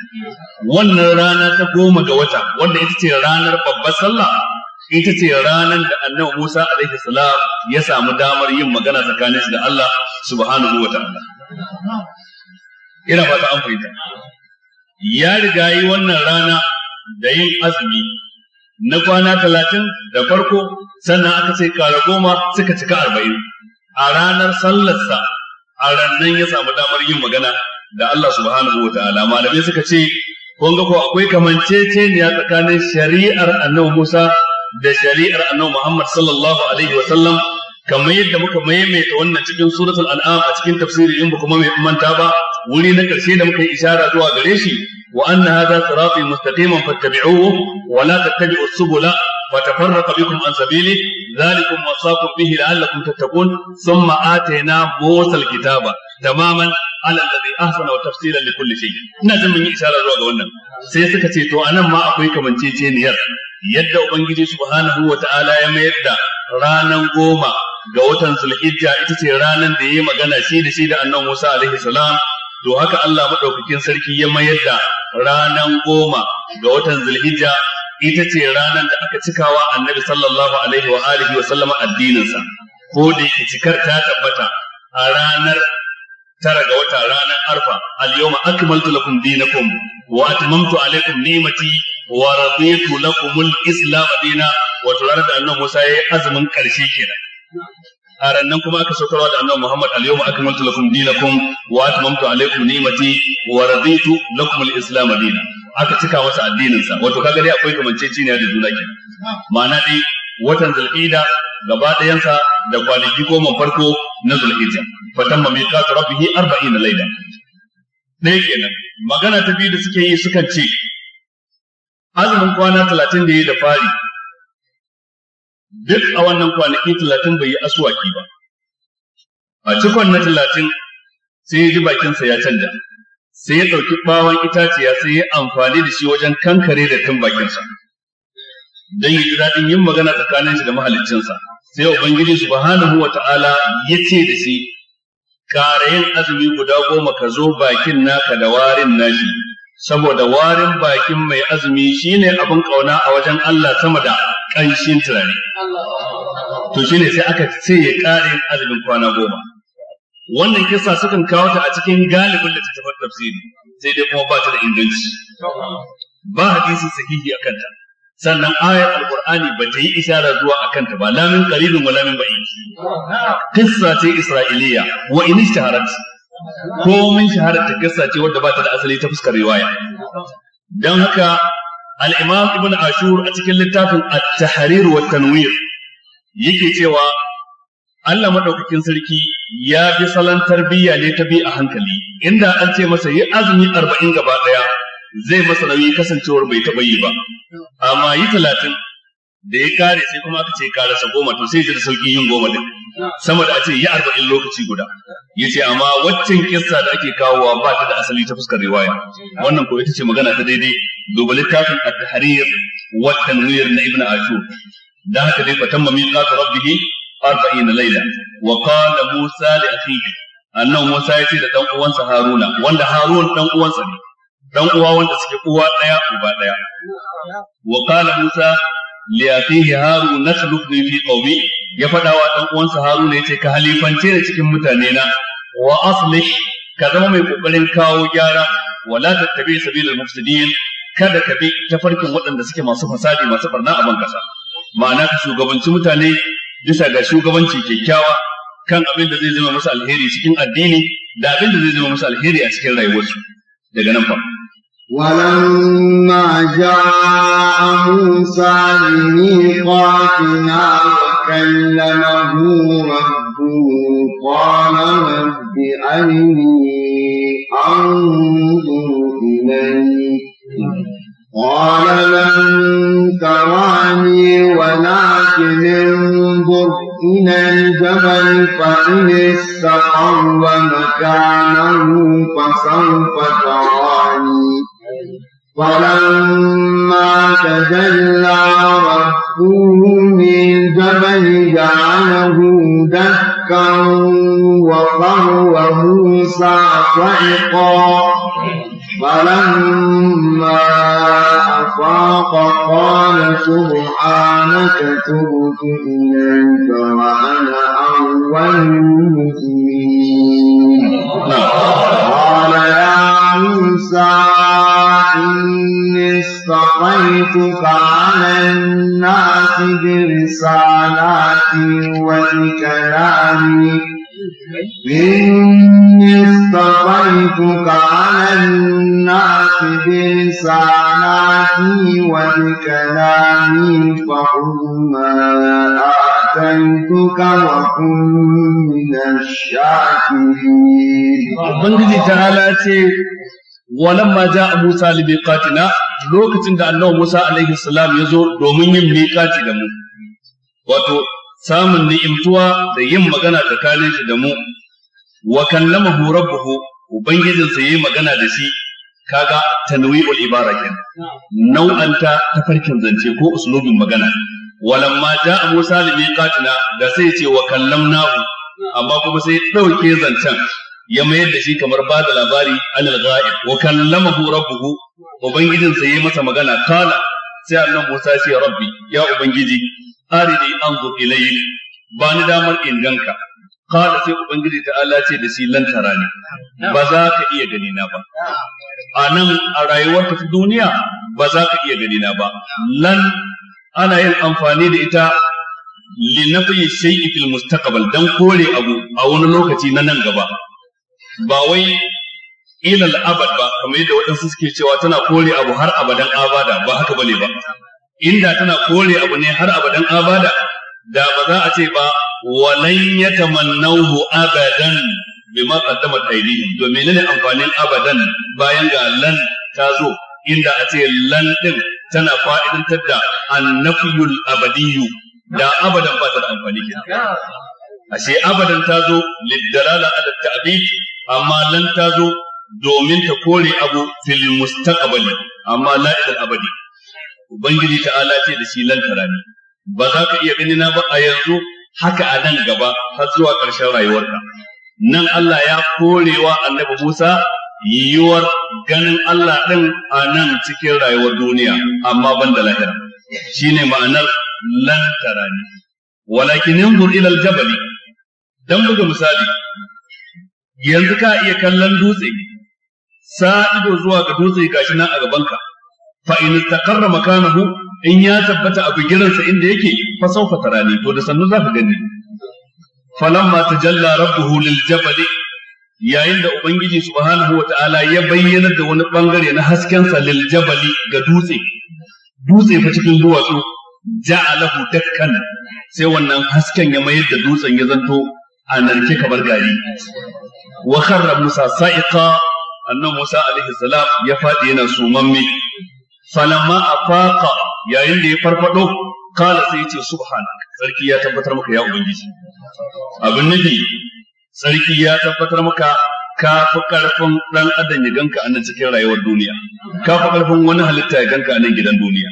wannan rana ta goma ga wata wanda ita ce ranar babbar sallah ita ce ranar da annabi Musa alaihi salam ya samu damar yin magana tsakanin da Allah subhanahu wa ta'ala ina fata an fahimta ya riga yi wannan rana da yin azumi na kwana talatin da farko sannan aka ce kara goma suka cika arba'in a ranar sallarsa a rannan ya samu damar yin magana da Allah subhanahu wa ta'ala malamai suka ce kun ga ko akwai kamanceceniya tsakanin shari'ar annabi Musa da shari'ar annabi Muhammad sallallahu alaihi wa sallam kamar yadda muka maimaita wannan cikin suratul an'am a cikin tafsiri in kuma mai manta ba wuri na karshe da muka yi isharar zuwa gare shi wa anna hadha sirati mustaqiman fattabi'uhu wa la tattabi'us subula وتفرق بكم عن سبيله ذلكم وصاكم به لعلكم تتقون ثم آتينا موسى الكتاب tamaman ala alladhi ahsana wa tafsilan li kulli shay ina jin mun yi isara zuwa ga wannan sai suka ce to anan ma akwai kamanceceniyar yadda ubangiji subhanahu wa ta'ala ya mayar da ranan goma ga watan zulhijja ita ce ranan da yayi magana shi da shi da annabi Musa alaihi salam to haka Allah madaukakin sarki ya mayar da ranan goma ga watan zulhijja ita ce ranar da aka cikawa annabi sallallahu alaihi wa alihi wa sallama addininsa ko da cikar ta tabbata a ranar tara ga wata ranar arfa al-yawma akmaltu lakum dinakum wa atmamtu alaykum ni'mati wa raditu lakum al-islam dina wa turarar da annabi Musa yayi azumin karshe kenan a rannan kuma aka saukarwa da annabi Muhammad al-yawma akmaltu lakum dinakum wa atmamtu alaykum ni'mati wa raditu lakum al-islam dina aka cika masa addinin sa wato kaga dai akwai kamanceceniya da juna kenan ma'ana dai watan zulqa'ida gaba ɗayansa da kwanaki goma farko na hijja fa tamma miqatu rabbih 40 layla dai kenan magana ta biyu da suke yi sukan ce azumin kwana 30 da yi da fari duk a wannan kwanaki 30 bai yi aswaki ba a cikon na 30 sai ya ji bakinsa ya canja sai ya ɗauki ɓawon itaciya sai ya amfani da shi wajen kankare da tun bakinsa don yi daɗin yin magana tsakanin shi da mahaliccinsa sai ubangiji subhanahu Ta'ala ya ce da shi ƙarayin azumi guda goma ka zo bakin naka da warin nashi saboda warin bakin mai azumi shine abin kauna a wajen Allah sama da ƙanshin turare to shine sai aka ce ya ƙara yin azumin kwana goma wannan kisa sukan kawo ta a cikin galibin da ta tafsiri sai dai kuma ba ta da inganci ba hadisi sahihi a kanta sannan ayar alqur'ani ba ta yi isharar zuwa akan ta ba lamin qalilun wa lamin ba'i. qissa ce isra'iliya wa in ishtaharat ko mun shaharar ta qissa ce wadda ba ta da asali ta fuskar riwaya dan haka al-imam ibn ashur a cikin littafin at-tahrir wa tanwir yake cewa Allah madaukakin sarki ya fi salon tarbiyya ne ta bi a hankali inda an ce masa yi azumi arba'in gaba ɗaya zai masa nauyi kasancewar bai taɓa yi ba amma yi talatin da ya kare sai kuma aka ce kare sa goma to sai ji da sauƙin yin goma din sama da a ce yi arba'in lokaci guda ya ce amma waccan kissa da ake kawowa ba ta da asali ta fuskar riwaya wannan ko ita ce magana ta daidai duba littafin at-tahrir wa tanwir na ibnu ashur da haka dai fatamma min qatu rabbih 40 layla wa qala musa li akhihi annabi musa ya ce da dan uwansa haruna wanda harun dan uwansa ne dan uwa wanda suke uwa ɗaya uba ɗaya. wa qala musa li akhihi harun naslufni fi qawmi ya fada wa dan uwansa harun yace ka halifance ni cikin mutane na wa aslih ka zama mai kokarin kawo gyara la tattabi sabilal mufsidin kada ka bi tafarkin waɗanda suke masu fasadi masu barna a bankasa ma'ana ka shugabanci mutane bisa ga shugabanci kyakkyawa kan abin da zai zama masa alheri cikin addini da abin da zai zama masa alheri a cikin rayuwarsu daga nan fa ولما جاء موسى لميقاتنا وكلمه ربه قال رب أني أنظر إليك قال لن تراني ولكن انظر إلى الجبل فإن استقر مكانه فسوف تراني فلما تجلى ربه من جبل جعله دكا وقر وموسى صعقا فلما أفاق قال سبحانك تبت إليك وأنا أول المسلمين قال يا موسى أعطيتك على الناس برسالاتي وبكلامي إني اصطفيتك على الناس برسالاتي وبكلامي فخذ ما آتيتك وكن من الشاكرين. walamma ja'a Musa li miqatina lokacin da Annabi Musa alaihi salam ya zo domin yin miqati da mu wato samun ni'imtuwa da yin magana tsakanin shi da mu wa kallamahu rabbuhu ubangijinsa yayi magana da shi kaga tanwi'ul ibara ken nau'anta tafarkin zance ko uslubin magana walamma ja'a Musa li miqatina da sai ce wa kallamnahu amma kuma sai dauke zancen ya mayar da shi kamar ba da labari anil ghaib wa kallamahu rabbuhu ubangijin sa yayi masa magana kala sai annabi Musa ya rabbi ya ubangiji arini anzur ilayk ba ni damar in ganka kala sai ubangiji ta'ala ce da shi lan tarani ba za ka iya gani na ba a nan a rayuwarka ta duniya ba za ka iya gani na ba lan ana yin amfani da ita li nafi shay'i fil mustaqbal dan kore abu a wani lokaci na nan gaba ba wai ilal abad ba kamar yadda waɗansu suke cewa tana kore abu har abadan abada ba haka bane ba inda tana kore abu ne har abadan abada da ba za a ce ba walan yatamannahu abadan ma qaddama aydihim to menene amfanin abadan bayan ga lan ta zo inda a ce lan din tana fa'idantar da annafiyul abadiyyu da abadan ba ta amfani kenan ashe abadan ta zo lidalala ala ta'bid amma lan ta zo domin ta kore abu fil mustaqbali amma la ilal abadi ubangiji ta'ala ce da shi lan karami ba za ka iya ganina ba a yanzu haka a nan gaba har zuwa ƙarshen rayuwarka nan Allah ya korewa annabi Musa yiwuwar ganin Allah ɗin a nan cikin rayuwar duniya amma ban da lahira shine ma'anar lan tarani walakin yanzur ila aljabali dan buga misali yanzu ka iya kallon dutse sa ido zuwa ga dutse gashi nan a gabanka fa in takarra makanahu in ya tabbata a bigiransa inda yake fa saufa tarani to da sannu zaka gani falamma tajalla rabbuhu lil jabal yayin da ubangiji subhanahu wataala ya bayyana da wani bangare na haskensa lil jabal ga dutse dutse fa cikin duwatsu ja'alahu dakkan sai wannan hasken ya mayar da dutsen ya zanto a narke kamar gari wa kharra Musa sa'iqa annan Musa alaihi salam ya faɗi yana sumamme falamma afaqa yayin da ya farfado kala sai yace subhanaka sarki ya tabbatar maka ya ubangiji abin nufi sarki ya tabbatar maka ka fi karfin dan adam ya ganka cikin rayuwar duniya ka fi karfin wani halitta ya ganka anan gidan duniya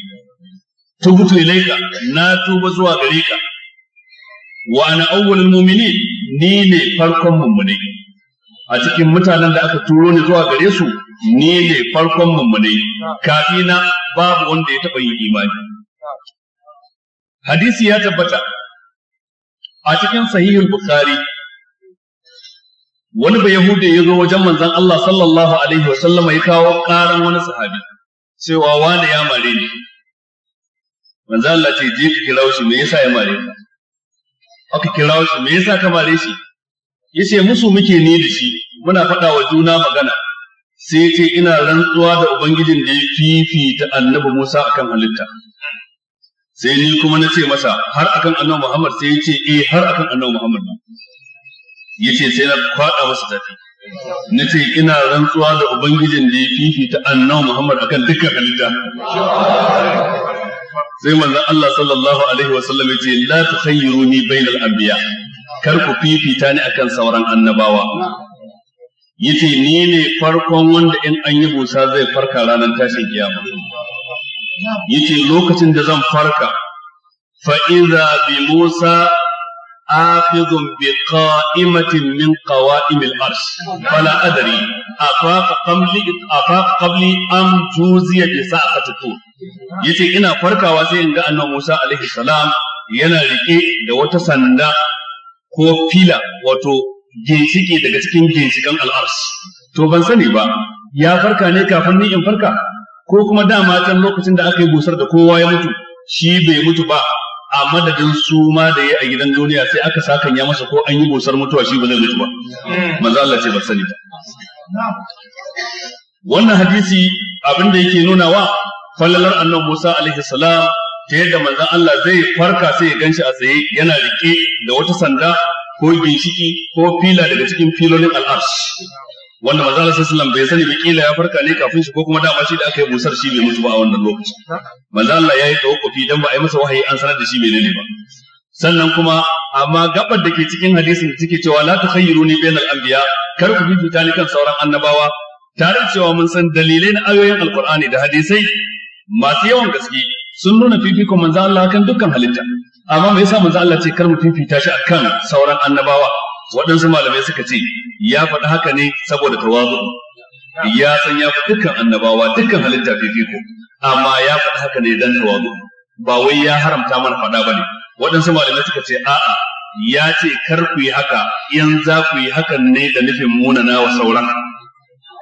tubutu ilaika na tuba zuwa gare ka wa ana awwalul mu'minin ni ne farkon mu'mini a cikin mutanen da aka turo ni zuwa gare su ni ne farkon mummunai kafina babu wanda ya taɓa yin imani hadisi ya tabbata a cikin sahihul bukhari wani ba yahudi ya zo wajen manzon Allah sallallahu alaihi wasallama ya kawo karan wani sahabi cewa wani ya mare ni manzon Allah ce je ka kirawo shi me yasa ya mare ka aka kirawo me yasa ka mare shi yace musu muke ni da shi muna faɗa wa juna magana sai ce ina rantsuwa da ubangijin da ya fifita annabi Musa akan halitta sai ni kuma na ce masa har akan annabi Muhammad sai ya ce eh har akan annabi Muhammad yace sai na faɗa masa tafi na ce ina rantsuwa da ubangijin da ya fifita annabi Muhammad akan dukkan halitta sai manzon Allah sallallahu alaihi wasallam ya ce la tukhayyiruni bainal anbiya' kar ku fifita ni akan sauran annabawa yace ni ne farkon wanda in an yi busa zai farka ranar tashin kiyama yace lokacin da zan farka fa idza bi musa آخذ بقائمة من قوائم الأرش فلا أدري أفاق قبلي أفاق قبلي أم جوزي بساقة الطول yace ina farkawa sai in ga annabi Musa alaihi salam yana riƙe da wata sanda ko fila wato ginshiƙi daga cikin ginshiƙan al'ars to ban sani ba ya farka ne kafin ni in farka ko kuma dama can lokacin da aka yi busar da kowa ya mutu shi bai mutu ba a madadin su ma da ya a gidan duniya sai aka sakan ya masa ko an yi busar mutuwa shi ba zai mutu ba manzo Allah ce ban sani ba wannan hadisi abin da yake nuna wa fallalar annabi Musa alaihi salam ta yadda manzan Allah zai farka sai ya ganshi a tsaye yana rike da wata sanda ko ginshiki ko fila daga cikin filolin al'arsh wanda manzon Allah sallallahu bai sani ba kila ya farka ne kafin shi ko kuma dama shi da aka yi busar shi bai mutu ba a wannan lokaci manzon Allah yayi tawakkufi dan ba a yi masa wahayi an sanar da shi menene ba sannan kuma amma gabar da ke cikin hadisin da take cewa la tukhayyiruni bainal anbiya kar ku fifita ni kan sauran annabawa tare cewa mun san dalilai na ayoyin alqur'ani da hadisai masu yawan gaske sun nuna fifikon manzan Allah kan dukkan halitta amma me yasa manzan Allah ce kar mu fifita shi akan sauran annabawa waɗansu malamai suka ce ya faɗi haka ne saboda tawazu ya san ya fi dukkan annabawa dukkan halitta fifiko amma ya faɗi haka ne dan tawazu ba wai ya haramta mana faɗa bane waɗansu malamai suka ce a'a ya ce kar ku yi haka in za ku yi hakan ne da nufin munana wa sauran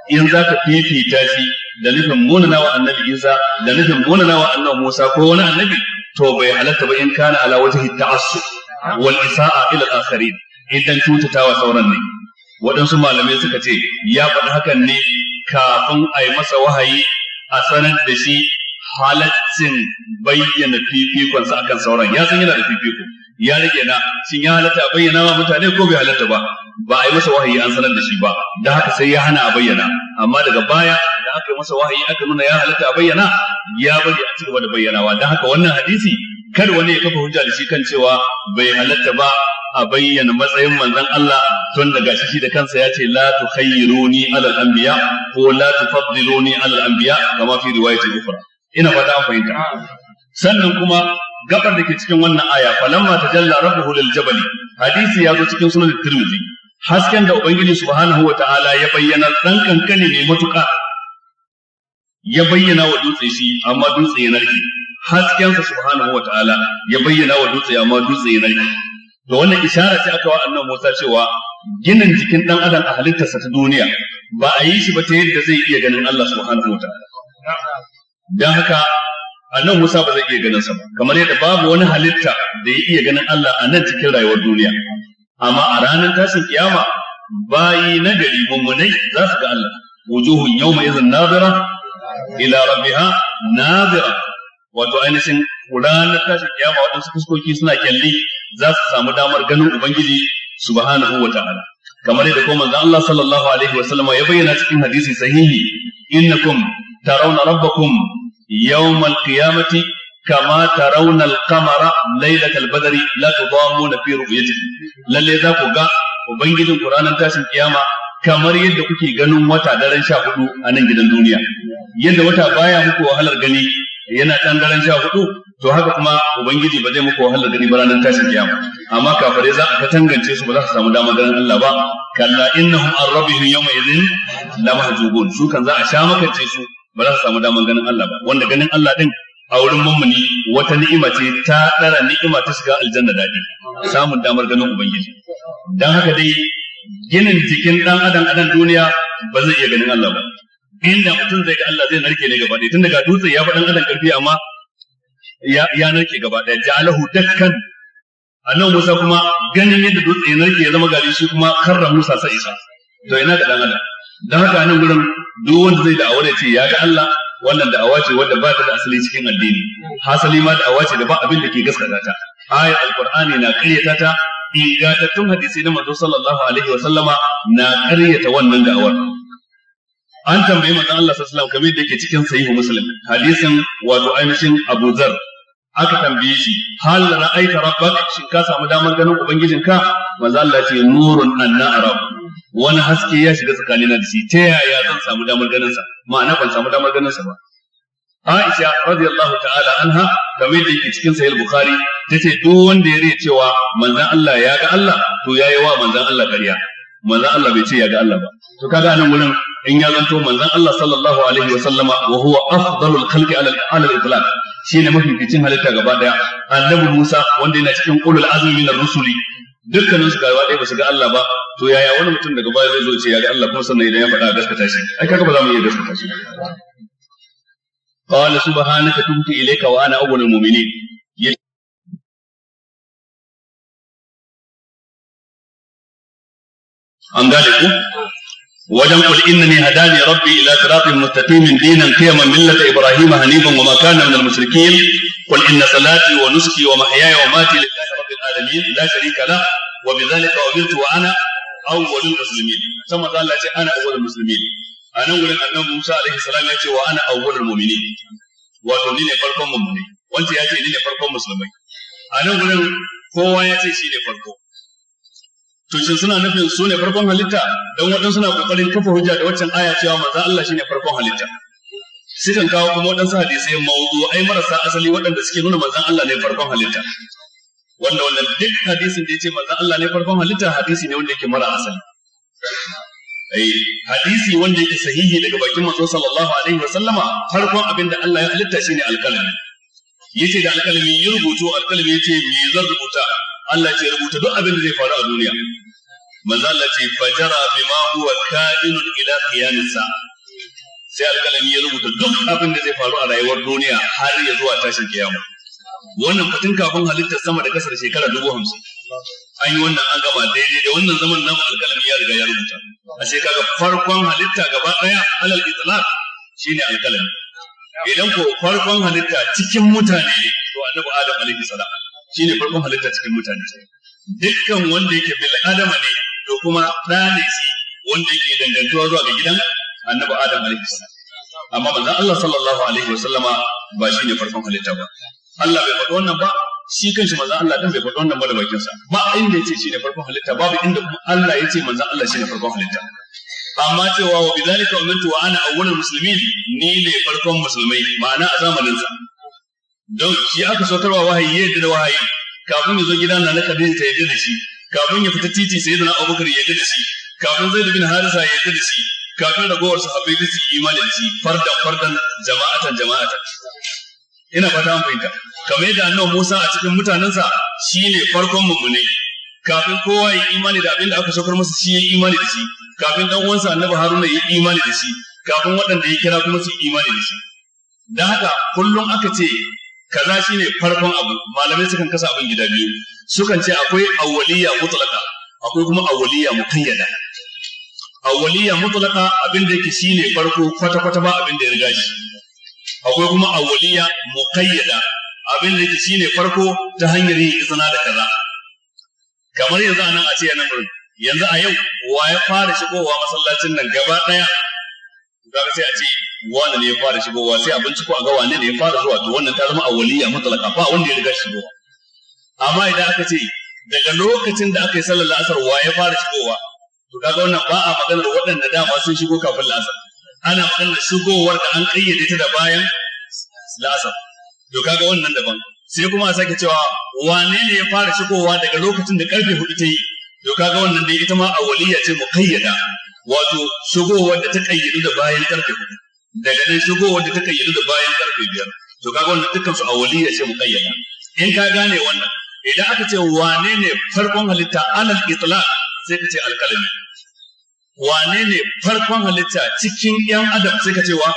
in za ka fifita shi da nufin munana wa annabi Isa da nufin munana wa annabi Musa ko wani annabi to bai halatta ba in kana ala wajhi asu. wal isa'a ila al idan cutatawa sauran ne waɗansu malamai suka ce ya faɗi hakan ne kafin a yi masa wahayi a sanar da shi halaccin bayyana fifikonsa akan sauran ya san yana da fifiko ya rage na shin ya halatta a bayyana wa mutane ko bai halatta ba ba a yi masa wahayi an sanar da shi ba da haka sai ya hana a bayyana amma daga baya da aka yi masa wahayi aka nuna ya halatta a bayyana ya bari a cigaba da bayyanawa da haka wannan hadisi kar wani ya kafa hujja da shi kan cewa bai halatta ba a bayyana matsayin manzon Allah tun daga shi da kansa ya ce la tukhayyiruni alal anbiya ko la tufaddiluni alal anbiya kama fi riwayatin ukhra ina fata an fahimta sannan kuma gabar da ke cikin wannan aya falamma tajalla rabbuhu lil jabali hadisi ya zo cikin sunan tirmidhi hasken da ubangiji subhanahu ta'ala ya bayyana dan kankane ne matuka ya bayyana wa dutse shi amma dutse ya narki. hasken sa subhanahu ta'ala ya bayyana wa dutse amma dutse ya narki. to wannan isharar ce aka wa annabi Musa cewa ginin jikin dan adam a halittarsa ta duniya ba a yi shi ba ta yadda zai iya ganin Allah subhanahu ta'ala dan haka a nan Musa ba zai iya ganin sa ba kamar yadda babu wani halitta da ya iya ganin Allah a nan cikin rayuwar duniya amma a ranar tashin kiyama bayi na gari mummunai za su ga Allah wujuhun yawma idhin nazira ila rabbiha nazira wato ainihin ranar tashin kiyama waɗansu fuskoki suna kyalli za su samu damar ganin ubangiji subhanahu wa ta'ala kamar yadda kuma manzo Allah sallallahu alaihi wa sallama ya bayyana cikin hadisi sahihi innakum tarawna rabbakum yawmal qiyamati kama tarawna al-qamara laylatal badri la tudamuna fi ru'yatihi lalle za ku ga ubangijin ku ranar tashin kiyama kamar yadda kuke ganin wata daren sha hudu a nan gidan duniya yadda wata baya muku wahalar gani yana ɗan daren sha hudu to haka kuma ubangiji ba zai muku wahalar gani ba ranar tashin kiyama amma kafare za a tangance su ba za su samu damar ganin Allah ba kalla innahum an rabbihim yawma idhin la mahjubun su kan za a sha makance su ba za su samu daman ganin Allah ba wanda ganin Allah din a wurin mummuni wata ni'ima ce ta ɗara ni'ima ta shiga aljanna daɗi samun damar ganin ubangiji dan haka dai ginin jikin dan adam adam duniya ba zai iya ganin Allah ba inda mutum zai ga Allah zai narke ne gaba ɗaya tun daga dutse ya faɗin adam karfi amma ya narke gaba ɗaya ja'alahu dakkan annabi Musa kuma ganin yadda dutse ya narke ya zama gari shi kuma karra Musa sai Isa to ina ga dan adam don haka nan gurin duk wanda zai da'awa da ce ya ga Allah wannan da'awa ce wadda ba ta da asali cikin addini hasali ma da'awa ce da ba abin da ke gaskata ta ayat alqur'ani na karyata ta Igatattun hadisi na manzo sallallahu alaihi wa sallama na karyata wannan da'awar an tambayi manzo Allah sallallahu alaihi kamar da yake cikin sahihu muslim hadisin wato ainihin Abu Zar aka tambaye shi hal ra'aita rabbaka shin ka samu damar ganin ubangijinka manzo ce nurun anna arab wani haske ya shiga tsakanin da shi ta yaya zan samu damar ganin sa ma'ana ban samu damar ganin sa ba Aisha radiyallahu ta'ala anha kamar da yake cikin sahih Bukhari tace duk wanda ya riya cewa manzon Allah ya ga Allah to yayi wa manzon Allah kariya manzon Allah bai ce ya ga Allah ba to kaga anan wurin in ya zanto manzan Allah sallallahu alaihi wa sallama wa huwa afdalul khalqi ala al-itlaq shine mafificin halitta gaba daya annabi Musa wanda yana cikin ulul azmi min ar-rusuli dukkanin su gaba ɗaya ba su ga Allah ba to yaya wani mutum daga baya zai zo ce ya ga Allah kuma sannan idan ya faɗa gaskata shi ai kaga ba za mu iya gaskata shi qala subhanaka tubtu ilayka wa ana awwalul mu'minin an gane ku wajen kul innani hadani rabbi ila siratin mustaqimin dinan qiyama millata ibrahima hanifan wa ma kana minal mushrikin qul inna salati wa nusuki wa wa العالمين لا شريك له وبذلك المسلمين ثم قال المسلمين موسى عليه السلام يأتي المؤمنين ne farkon mummuni wanda ya ce to shin suna nufin su ne farkon halitta don waɗansu suna ƙoƙarin kafa hujja da waccan aya cewa manzon Allah shi ne farkon halitta sukan kawo kuma waɗansu hadisai mawudu ai marasa asali waɗanda suke nuna manzon Allah ne farkon halitta wanda wannan duk hadisin da yace manzo Allah ne farkon halitta hadisi ne wanda yake mara asali ai hadisi wanda yake sahihi daga bakin manzo sallallahu alaihi wa sallama farkon abin da Allah ya halitta shine alkalami yace da alkalami ya rubuto alkalami yace me zan rubuta Allah ce rubuta duk abin da zai faru a duniya manzo Allah ce fajara bima huwa ka'inun ila qiyamis sa'a sai alkalami ya rubuta duk abin da zai faru a rayuwar duniya har ya zuwa tashin kiyama wannan fatin kafin halittar sama da kasar shekara dubu hamsin an yi wannan an gama daidai da wannan zaman namu alkalami ya riga ya rubuta a shekara farkon halitta gaba daya alal itlaq shine alkalami idan ko farkon halitta cikin mutane ne to annabi adam alaihi salam shine farkon halitta cikin mutane dukkan wanda yake bil adama ne to kuma ɗa ne wanda yake dangantuwa zuwa ga gidan annabi adam alaihi salam amma manzon Allah sallallahu alaihi wasallama ba shine farkon halitta ba Allah bai faɗi wannan ba shi kanshi manzon Allah din bai faɗi wannan ba da bakin sa ba inda yace shi ne farkon halitta babu inda Allah yace manzon Allah shi ne farkon halitta amma cewa wa bidhalika umirtu wa ana awwalul muslimin ni ne farkon musulmai ma'ana a zamanin sa don shi aka sautarwa wahayi yadda da wahayi kafin ya zo gidan na Khadija ta yadda da shi kafin ya fita titi sai na Abubakar ya da shi kafin zai da bin Harisa ya da shi kafin ragowar sahabbai da su imani da shi fardan fardan jama'atan jama'atan ina fata mu fahimta kamar yadda annabi Musa a cikin mutanensa shine farkon mummune kafin kowa ya imani da abin da aka saukar masa shi ya imani da shi kafin dan uwansa annabi Haruna ya imani da shi kafin waɗanda ya kira kuma su imani da shi dan haka kullum aka ce kaza shine farkon abu malamai sukan kasa abin gida biyu sukan ce akwai awwaliya mutlaqa akwai kuma awwaliya muqayyada awwaliya mutlaqa abin da yake shine farko kwata kwata ba abin da ya riga shi akwai kuma awaliya muqayyada abin da yake shine farko ta hanyar yin izina da kaza kamar yanzu anan a ce nan gurin yanzu a yau wa ya fara shigowa masallacin nan gaba daya za ka sai a ce wani ne ya fara shigowa sai a binciko a ga wani ne ya fara zuwa to wannan ta zama awaliya mutlaka ba wanda ya riga shigowa amma idan aka ce daga lokacin da aka yi sallar la'asar wa ya fara shigowa to kaga wannan ba a maganar waɗanda dama sun shigo kafin la'asar ana waɗanda shigowar da an ƙayyade ta da bayan la'asar to kaga wannan daban sai kuma a sake cewa wane ne ya fara shigowa daga lokacin da karfe hudu ta yi to kaga wannan dai ita ma awaliya ce muqayyada wato shigowar da ta kayyadu da bayan karfe hudu daga nan shigowar da ta kayyadu da bayan karfe biyar to kaga wannan dukkan su awaliya ce muqayyada in ka gane wannan idan aka ce wane ne farkon halitta alal itlaq sai ka ce alkalami wane ne farkon halitta cikin yan adam sai ka cewa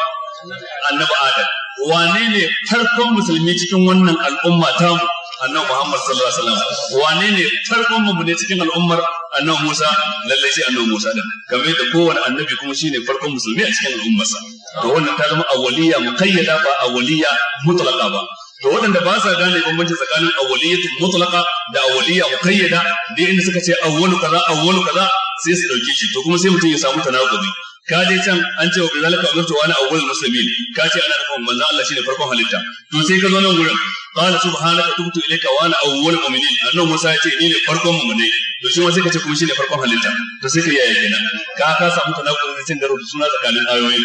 annabi adam wane ne farkon musulmi cikin wannan al'umma ta mu annabi Muhammad sallallahu alaihi wasallam wane ne farkon mu ne cikin al'ummar annabi Musa lallai sai annabi Musa din kamar da kowane annabi kuma shine farkon musulmi a cikin al'ummarsa to wannan ta zama awwaliya muqayyada ba awwaliya mutlaqa ba to waɗanda ba sa gane bambanci tsakanin awwaliyatu mutlaqa da awwaliya muqayyada da inda suka ce awwalu kaza awwalu kaza sai su dauke shi to kuma sai mutum ya samu tanakuzi ka je can an ce wa bizalika umirtu wa ana awwalul muslimin ka ce ana nufin manzo Allah shine farkon halitta to sai ka zo nan gurin qala subhanaka tubtu ilayka wa ana awwalul mu'minin annabi Musa ya ce ni ne farkon mu'minai to shi ma sai ka ce kuma shine farkon halitta to sai ka yaya kenan ka ka samu tanakuzi da cin garo da suna tsakanin ayoyi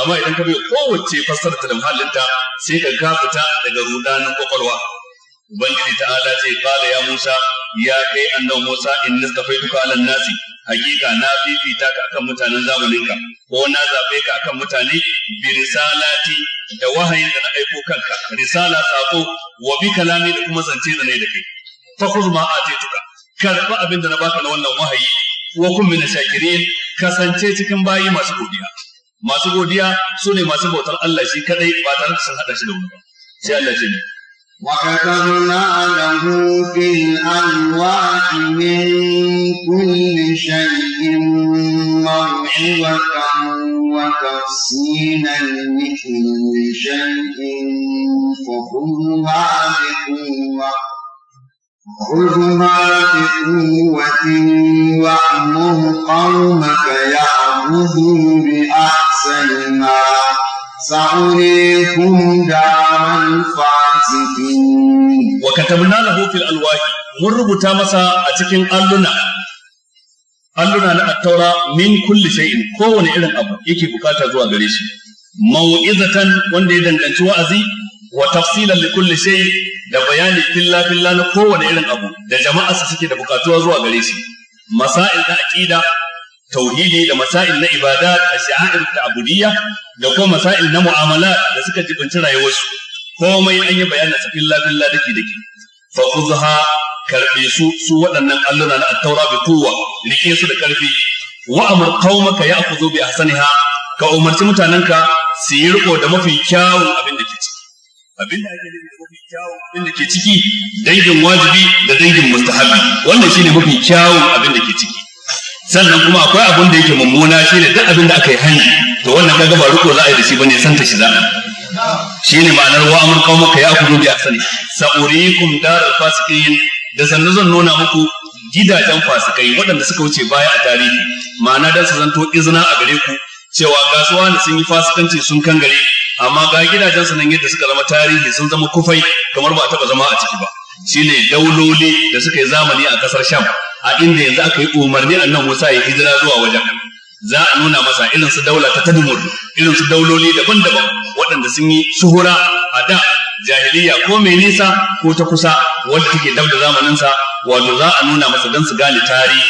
amma idan ka biyo kowace fassara ta da halinta sai ka ka daga rudanin kwakwalwa ubangiji ta'ala ce qala ya Musa ya kai annabi Musa inna stafaituka 'alan nasi hakika na fifita ka akan mutanen zamanin ka, ko na zabe ka akan mutane bi risalati da wahayin da na aiko kanka risala sako wa bi kalami da kuma zance da nai da kai fa khudh ma atituka karba abin da na baka na wannan wahayi wa kun min shakirin kasance cikin bayi masu godiya masu godiya sune masu bautar Allah shi kadai ba tare da sun hada shi da wani ba sai Allah ya وكتبنا له في الألواح من كل شيء موعظة وتفصيلا لكل شيء فخذها بقوة خذها بقوة وأمر قومك يعبدوا بأحسن ما سأريكم دار الفاتحة wa katabna lahu fil alwahi mun rubuta masa a cikin alluna alluna na attaura min kulli shay'in kowane irin abu yake bukata zuwa gare shi mau'izatan wanda ya danganci wa'azi wa tafsilan li kulli shay da bayani filla filla na kowane irin abu da jama'a su suke da bukatuwa zuwa gare shi masail na aqida tauhidi da masail na ibadat ta ta'budiyya da kuma masail na mu'amala da suka jibinci rayuwarsu komai an yi bayanin sa illa billah dake dake fa khudha karbe su su waɗannan alluna na at-taura bi quwwa rike su da karfi wa amr qaumaka ya'khudhu bi ahsaniha ka umarci mutananka su yi riko da mafi kyawun abin da ke ciki abin da ake nufi da mafi kyawun abin da ke ciki dangin wajibi da dangin mustahabi wannan shine mafi kyawun abin da ke ciki sannan kuma akwai abin da yake mummuna shine duk abin da aka yi hanji to wannan kaga ba riko za a yi da shi bane santa shi za a yi Shi ne ma'anar wa amur qaumaka ya kudu sani sa'uri sa'urikum dar fasiqin da sannu zan nuna muku gidajen fasikai waɗanda suka wuce baya a tarihi ma'ana dan su zanto izina a gare ku cewa gasuwa ne sun yi fasikanci sun kan gare amma ga gidajen su nan yadda suka zama tarihi sun zama kufai kamar ba a taba zama a ciki ba Shi ne dauloli da suka yi zamani a kasar Sham a inda yanzu aka yi umarni a annan Musa ya hijira zuwa wajen za a nuna masa irin su daula ta tadmur irin su dauloli daban-daban waɗanda sun yi shuhura a da jahiliya ko mai nisa ko ta kusa wanda take dab da zamaninsa wato za a nuna masa don su gane tarihi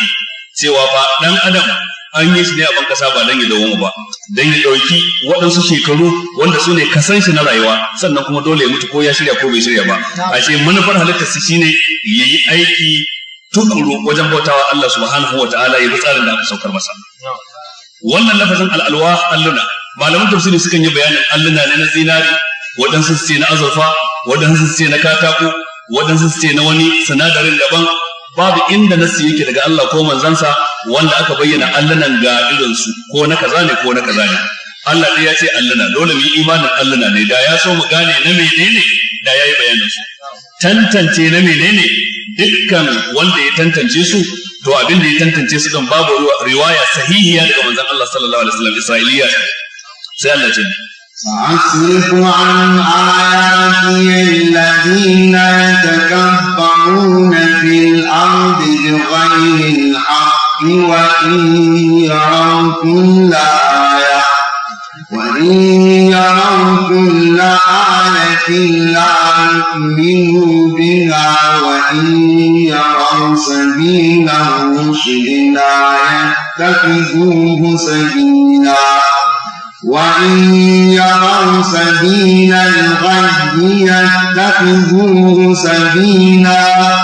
cewa fa ɗan adam an yi shi ne a ban kasa ba dan ya dawo ba don ya dauki waɗansu shekaru wanda su ne kasan shi na rayuwa sannan kuma dole ya mutu ko ya shirya ko bai shirya ba ashe manufar halittar su shine yi aiki tukuru wajen bautawa Allah subhanahu wa Ta'ala ya bi tsarin da aka saukar masa wannan lafazin al'alwa alluna malaman tafsiri sukan yi bayanin alluna ne na zinari waɗansu su ce na azurfa waɗansu su ce na katako waɗansu su ce na wani sinadarin daban babu inda siya yake daga Allah ko manzansa wanda aka bayyana allunan ga irinsu ko na kaza ne ko na kaza ne Allah ɗaya ce alluna dole mu yi imanin alluna ne da ya so mu gane na menene da ya yi bayanin su tantance na menene dukkan wanda ya tantance su to abin da ya tantance su don babu riwaya sahihiya daga manzon Allah sallallahu alaihi wasallam Isra'iliya sai Allah ce سأصرف عن آياتي الذين يتكبرون في الأرض بغير الحق وإن يروا كل آية وإن يروا كل آية لا يؤمنوا بها وإن يروا سبيل الرشد لا يتخذوه سبيلا وإن يروا سبيل الغي يتخذوه سبيلا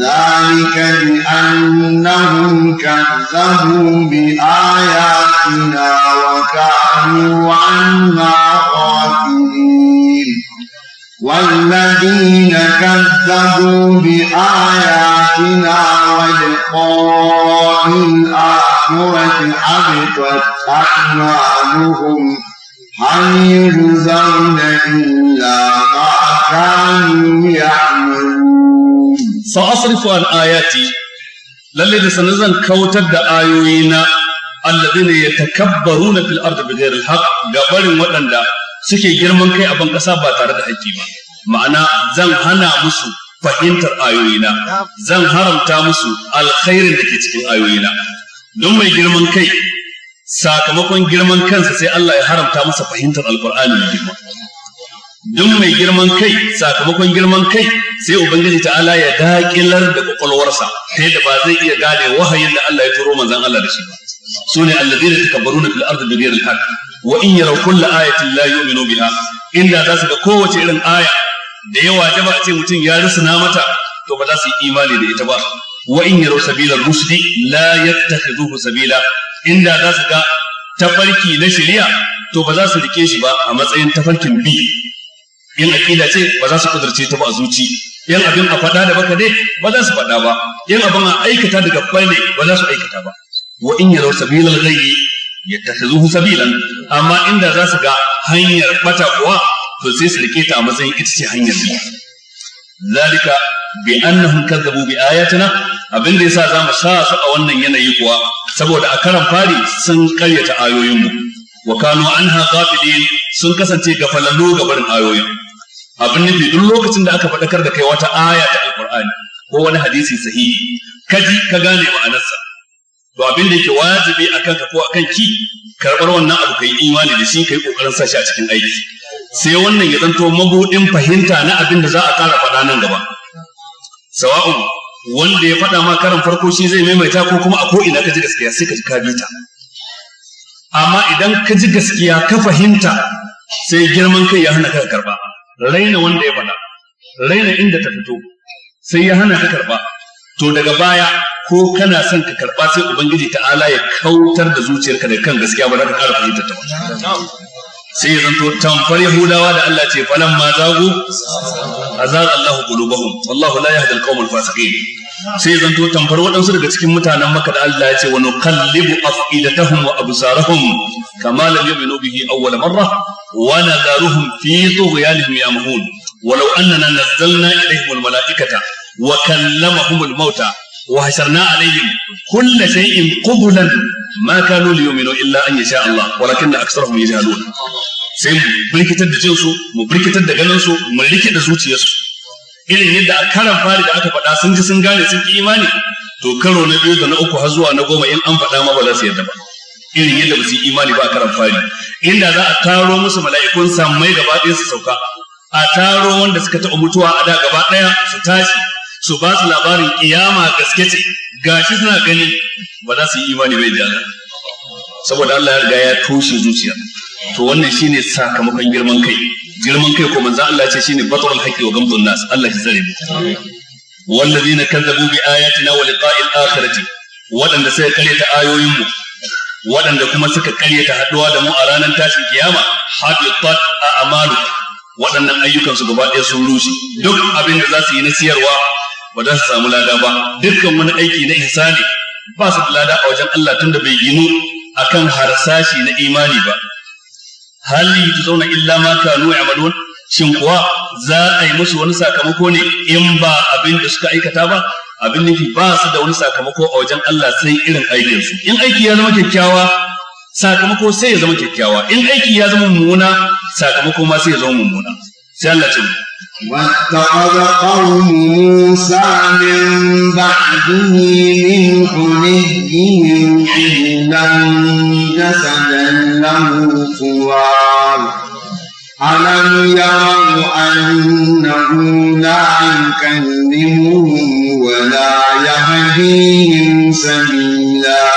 ذلك بأنهم كذبوا بآياتنا وكانوا عنها غافلين والذين كذبوا بآياتنا ولقاء الآخرة حبطت أعمالهم هل يجزون إلا ما كانوا يعملون sa'asrifu an ayati lalle da sanin zan kautar da ayoyina takabbaru na fil ardi bighairi alhaq ga barin waɗanda suke girman kai a ban ƙasa ba tare da haƙƙi ba ma'ana zan hana musu fahimtar ayoyina zan haramta musu alkhairin da ke cikin ayoyina don mai girman kai sakamakon girman kansa sai Allah ya haramta masa fahimtar alkur'ani da girma duk mai girman kai sakamakon girman kai sai ubangiji ta'ala ya daƙilar da kwakwalwarsa ta yadda ba zai iya gane wahayin da Allah ya turo manzon Allah da shi ba sune alladhina takabbaruna fil ardi bighayri al-haqq wa in yaraw kulla ayatin la yu'minu biha inda za su ga kowace irin aya da yawa ta ba ce mutum ya rusuna mata to ba za su yi imani da ita ba wa in yaraw sabila rusdi la yattakhiduhu sabila inda za su ga tafarki na shari'a to ba za su rike shi ba a matsayin tafarkin bi Yan aqida ce ba za su kudurce ta ba a zuci Yan abin a faɗa da baka ne ba za su faɗa ba Yan abin a aikata da gabbai ne ba za su aikata ba wa in yaraw sabilal ghayyi yattakhizuhu sabilan amma inda za su ga hanyar bata kuwa to sai su rike ta a matsayin ita ce hanyar bi zalika bi annahum kadzabu bi ayatina abin da yasa zamu sa su a wannan yanayi kuwa saboda a karan fari sun karyata ayoyin mu wa kanu anha ghafilin sun kasance gafalallo ga barin ayoyin abin nufi duk lokacin da aka faɗakar da kai wata aya ta alkur'ani ko wani hadisi sahihi kaji ka gane ma'anarsa to abin da yake wajibi a kanka ko a ki karɓar wannan abu kai imani da shi kai kokarin sa shi a cikin aiki sai wannan ya zanto mabuɗin fahimta na abin da za a ƙara faɗa nan gaba sawa'un wanda ya faɗa ma karan farko shi zai maimaita ko kuma a ko ina ka ji gaskiya sai ka ji ka bita amma idan ka ji gaskiya ka fahimta sai girman kai ya hana ka karɓa. raina wanda ya faɗa raina inda ta fito sai ya hana ka karɓa, to daga baya ko kana son ka karba sai ubangiji ta'ala ya kautar da zuciyarka da kan gaskiya ba za ka ƙara fahimtar ta sai ya zanto tamfar yahudawa da Allah ce falan ma zagu azar Allahu qulubahum wallahu la yahdi al-qawm al sai ya zanto tamfar waɗansu daga cikin mutanen Makka da Allah ya ce wa nuqallibu afidatahum wa absarahum kama lam yu'minu bihi awwal marra wa nadaruhum fi tughyanihim yamhun ولو أننا نزلنا إليهم الملائكة وكلمهم الموتى wa hasharna alaihim kull shay'in qublan ma kanu liyuminu illa an yasha Allah walakin aktharuhum sai mu birkitar da jinsu mu birkitar da ganin su mu rikida zuciyarsu irin yadda a karan fari da aka faɗa sun ji sun gane sun ki imani to karo na biyu da na uku har zuwa na goma in an faɗa ma ba za su yarda ba irin yadda ba su yi imani ba a karan fari inda za a taro musu mala'ikun sammai gaba ɗaya su sauka a taro wanda suka taɓa mutuwa a da gaba ɗaya su tashi su ba su labarin kiyama gaske ce gashi suna gani ba za su yi imani bai da saboda Allah ya riga ya toshe zuciya to wannan shine sakamakon girman kai girman kai ko manzo Allah ce shine batrul haqqi wa gamdun nas Allah ya tsare mu wallazina kazzabu bi ayatina wa liqa'il akhirati waɗanda sai karyata ayoyin mu waɗanda kuma suka karyata haduwa da mu a ranar tashin kiyama habitat a amalu waɗannan ayyukansu gaba ɗaya sun rushe duk abin da za su yi na siyarwa ba za su samu lada ba dukkan wani aiki na ihsani ba su da lada a wajen Allah tun da bai ginu akan harsashi na imani ba ta zauna illa ma kanu ya'malun shin kuwa za a yi musu wani sakamako ne in ba abin da suka aikata ba abin nufi ba su da wani sakamako a wajen Allah sai irin aikin su in aiki ya zama kyakkyawa sakamako sai ya zama kyakkyawa in aiki ya zama mummuna sakamako ma sai ya zama mummuna sai Allah ce mu واتخذ قوم موسى من بعده من حليهم عجلا جسدا له خوار ألم يروا أنه لا يكلمهم ولا يهديهم سبيلا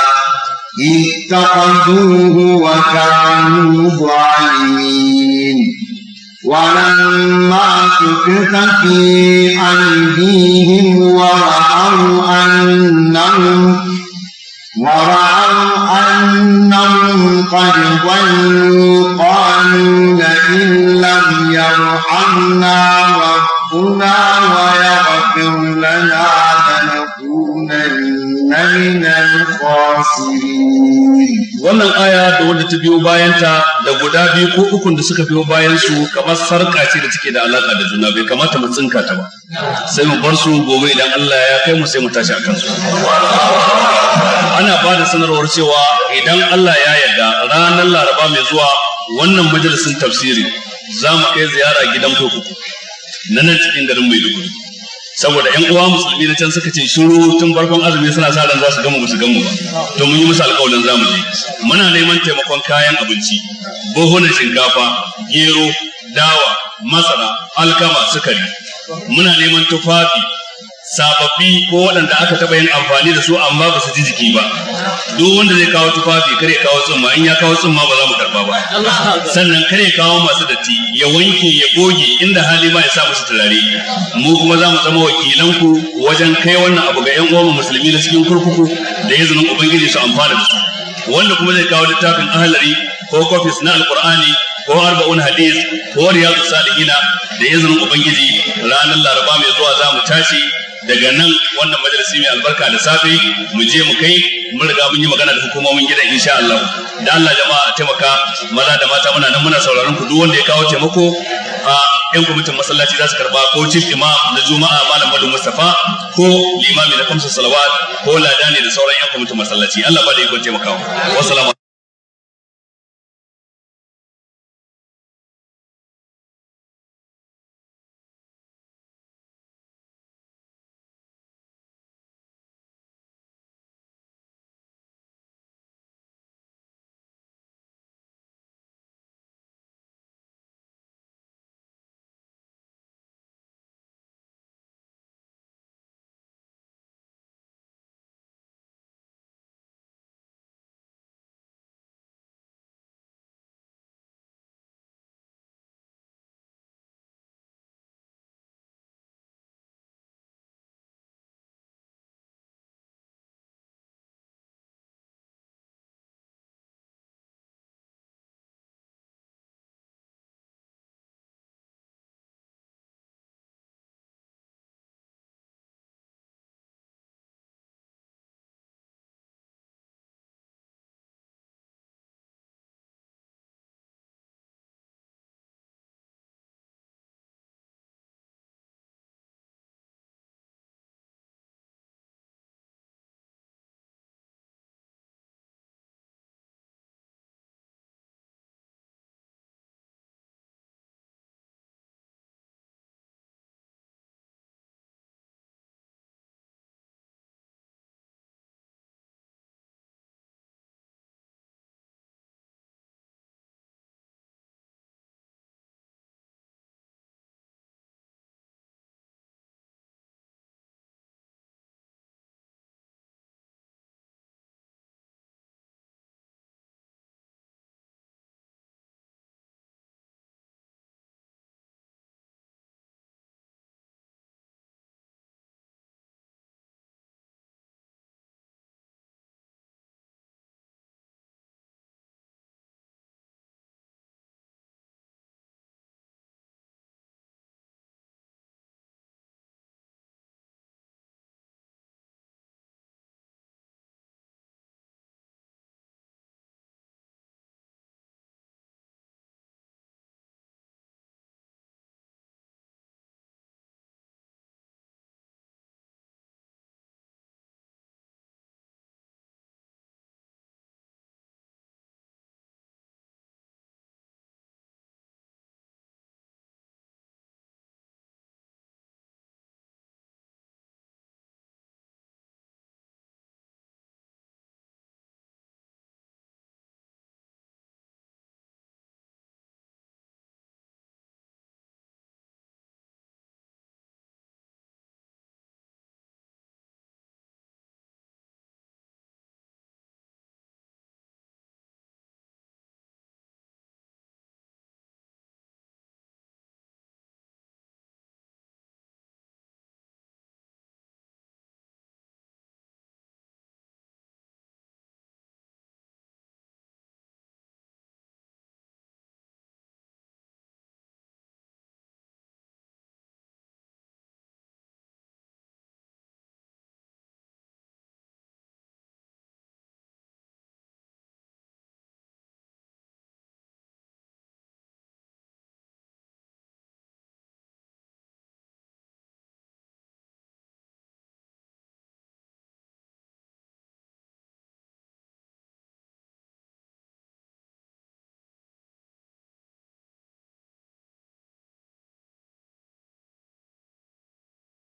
اتخذوه وكانوا ظالمين ولما نفخ في أيديهم ورأوا أنهم ورأوا أنهم قد ضلوا قالوا لئن لم يرحمنا ربنا ويغفر لنا لنكونن wannan aya da wanda ta biyo bayanta da guda biyu ko ukun da suka biyo bayansu su kamar sarka ce da take da alaka da juna bai kamata mu tsinka ta ba sai mu bar su gobe idan Allah ya kai mu sai mu tashi akan su ana ba sanarwar cewa idan Allah ya yarda ranar Laraba mai zuwa wannan majalisin tafsiri za mu kai ziyara gidan kurkuku na nan cikin garin Maiduguri saboda yan uwa musulmi na can suka ce shiru tun farkon azumi suna sa ran za su gama musu gama ba to mun yi musu alƙawarin zamu je muna neman taimakon kayan abinci buhunan shinkafa gero dawa masara alkama sukari muna neman tufafi sababbi ko waɗanda aka taɓa yin amfani da su amma ba su ji jiki ba duk wanda zai kawo tufafi kare kawo tsumma in ya kawo tsumma ba za mu karba ba sannan kare kawo masu datti ya wanke ya goge inda hali ma ya sa musu turare mu kuma za mu zama wakilan wajen kai wannan abu ga yan uwan musulmi da cikin kurkuku da ya izinin ubangiji su amfana da su wanda kuma zai kawo littafin ahalari ko kofis na alkur'ani ko arba'un hadis ko riyadu salihina da izinin ubangiji ranar laraba mai zuwa za mu tashi daga nan wannan majalisi mai albarka da safe mu je mu kai mun riga mun yi magana da hukumomin gidan insha Allah da Allah jama'a a taimaka maza da mata muna nan muna sauraron ku duk wanda ya kawo taimako a yan kwamitin masallaci za su karba ko chief imam na juma'a malam madu mustafa ko limami na kamsa salawat ko ladani da sauran yan gwamnatin masallaci Allah ba da ikon taimakawa wassalamu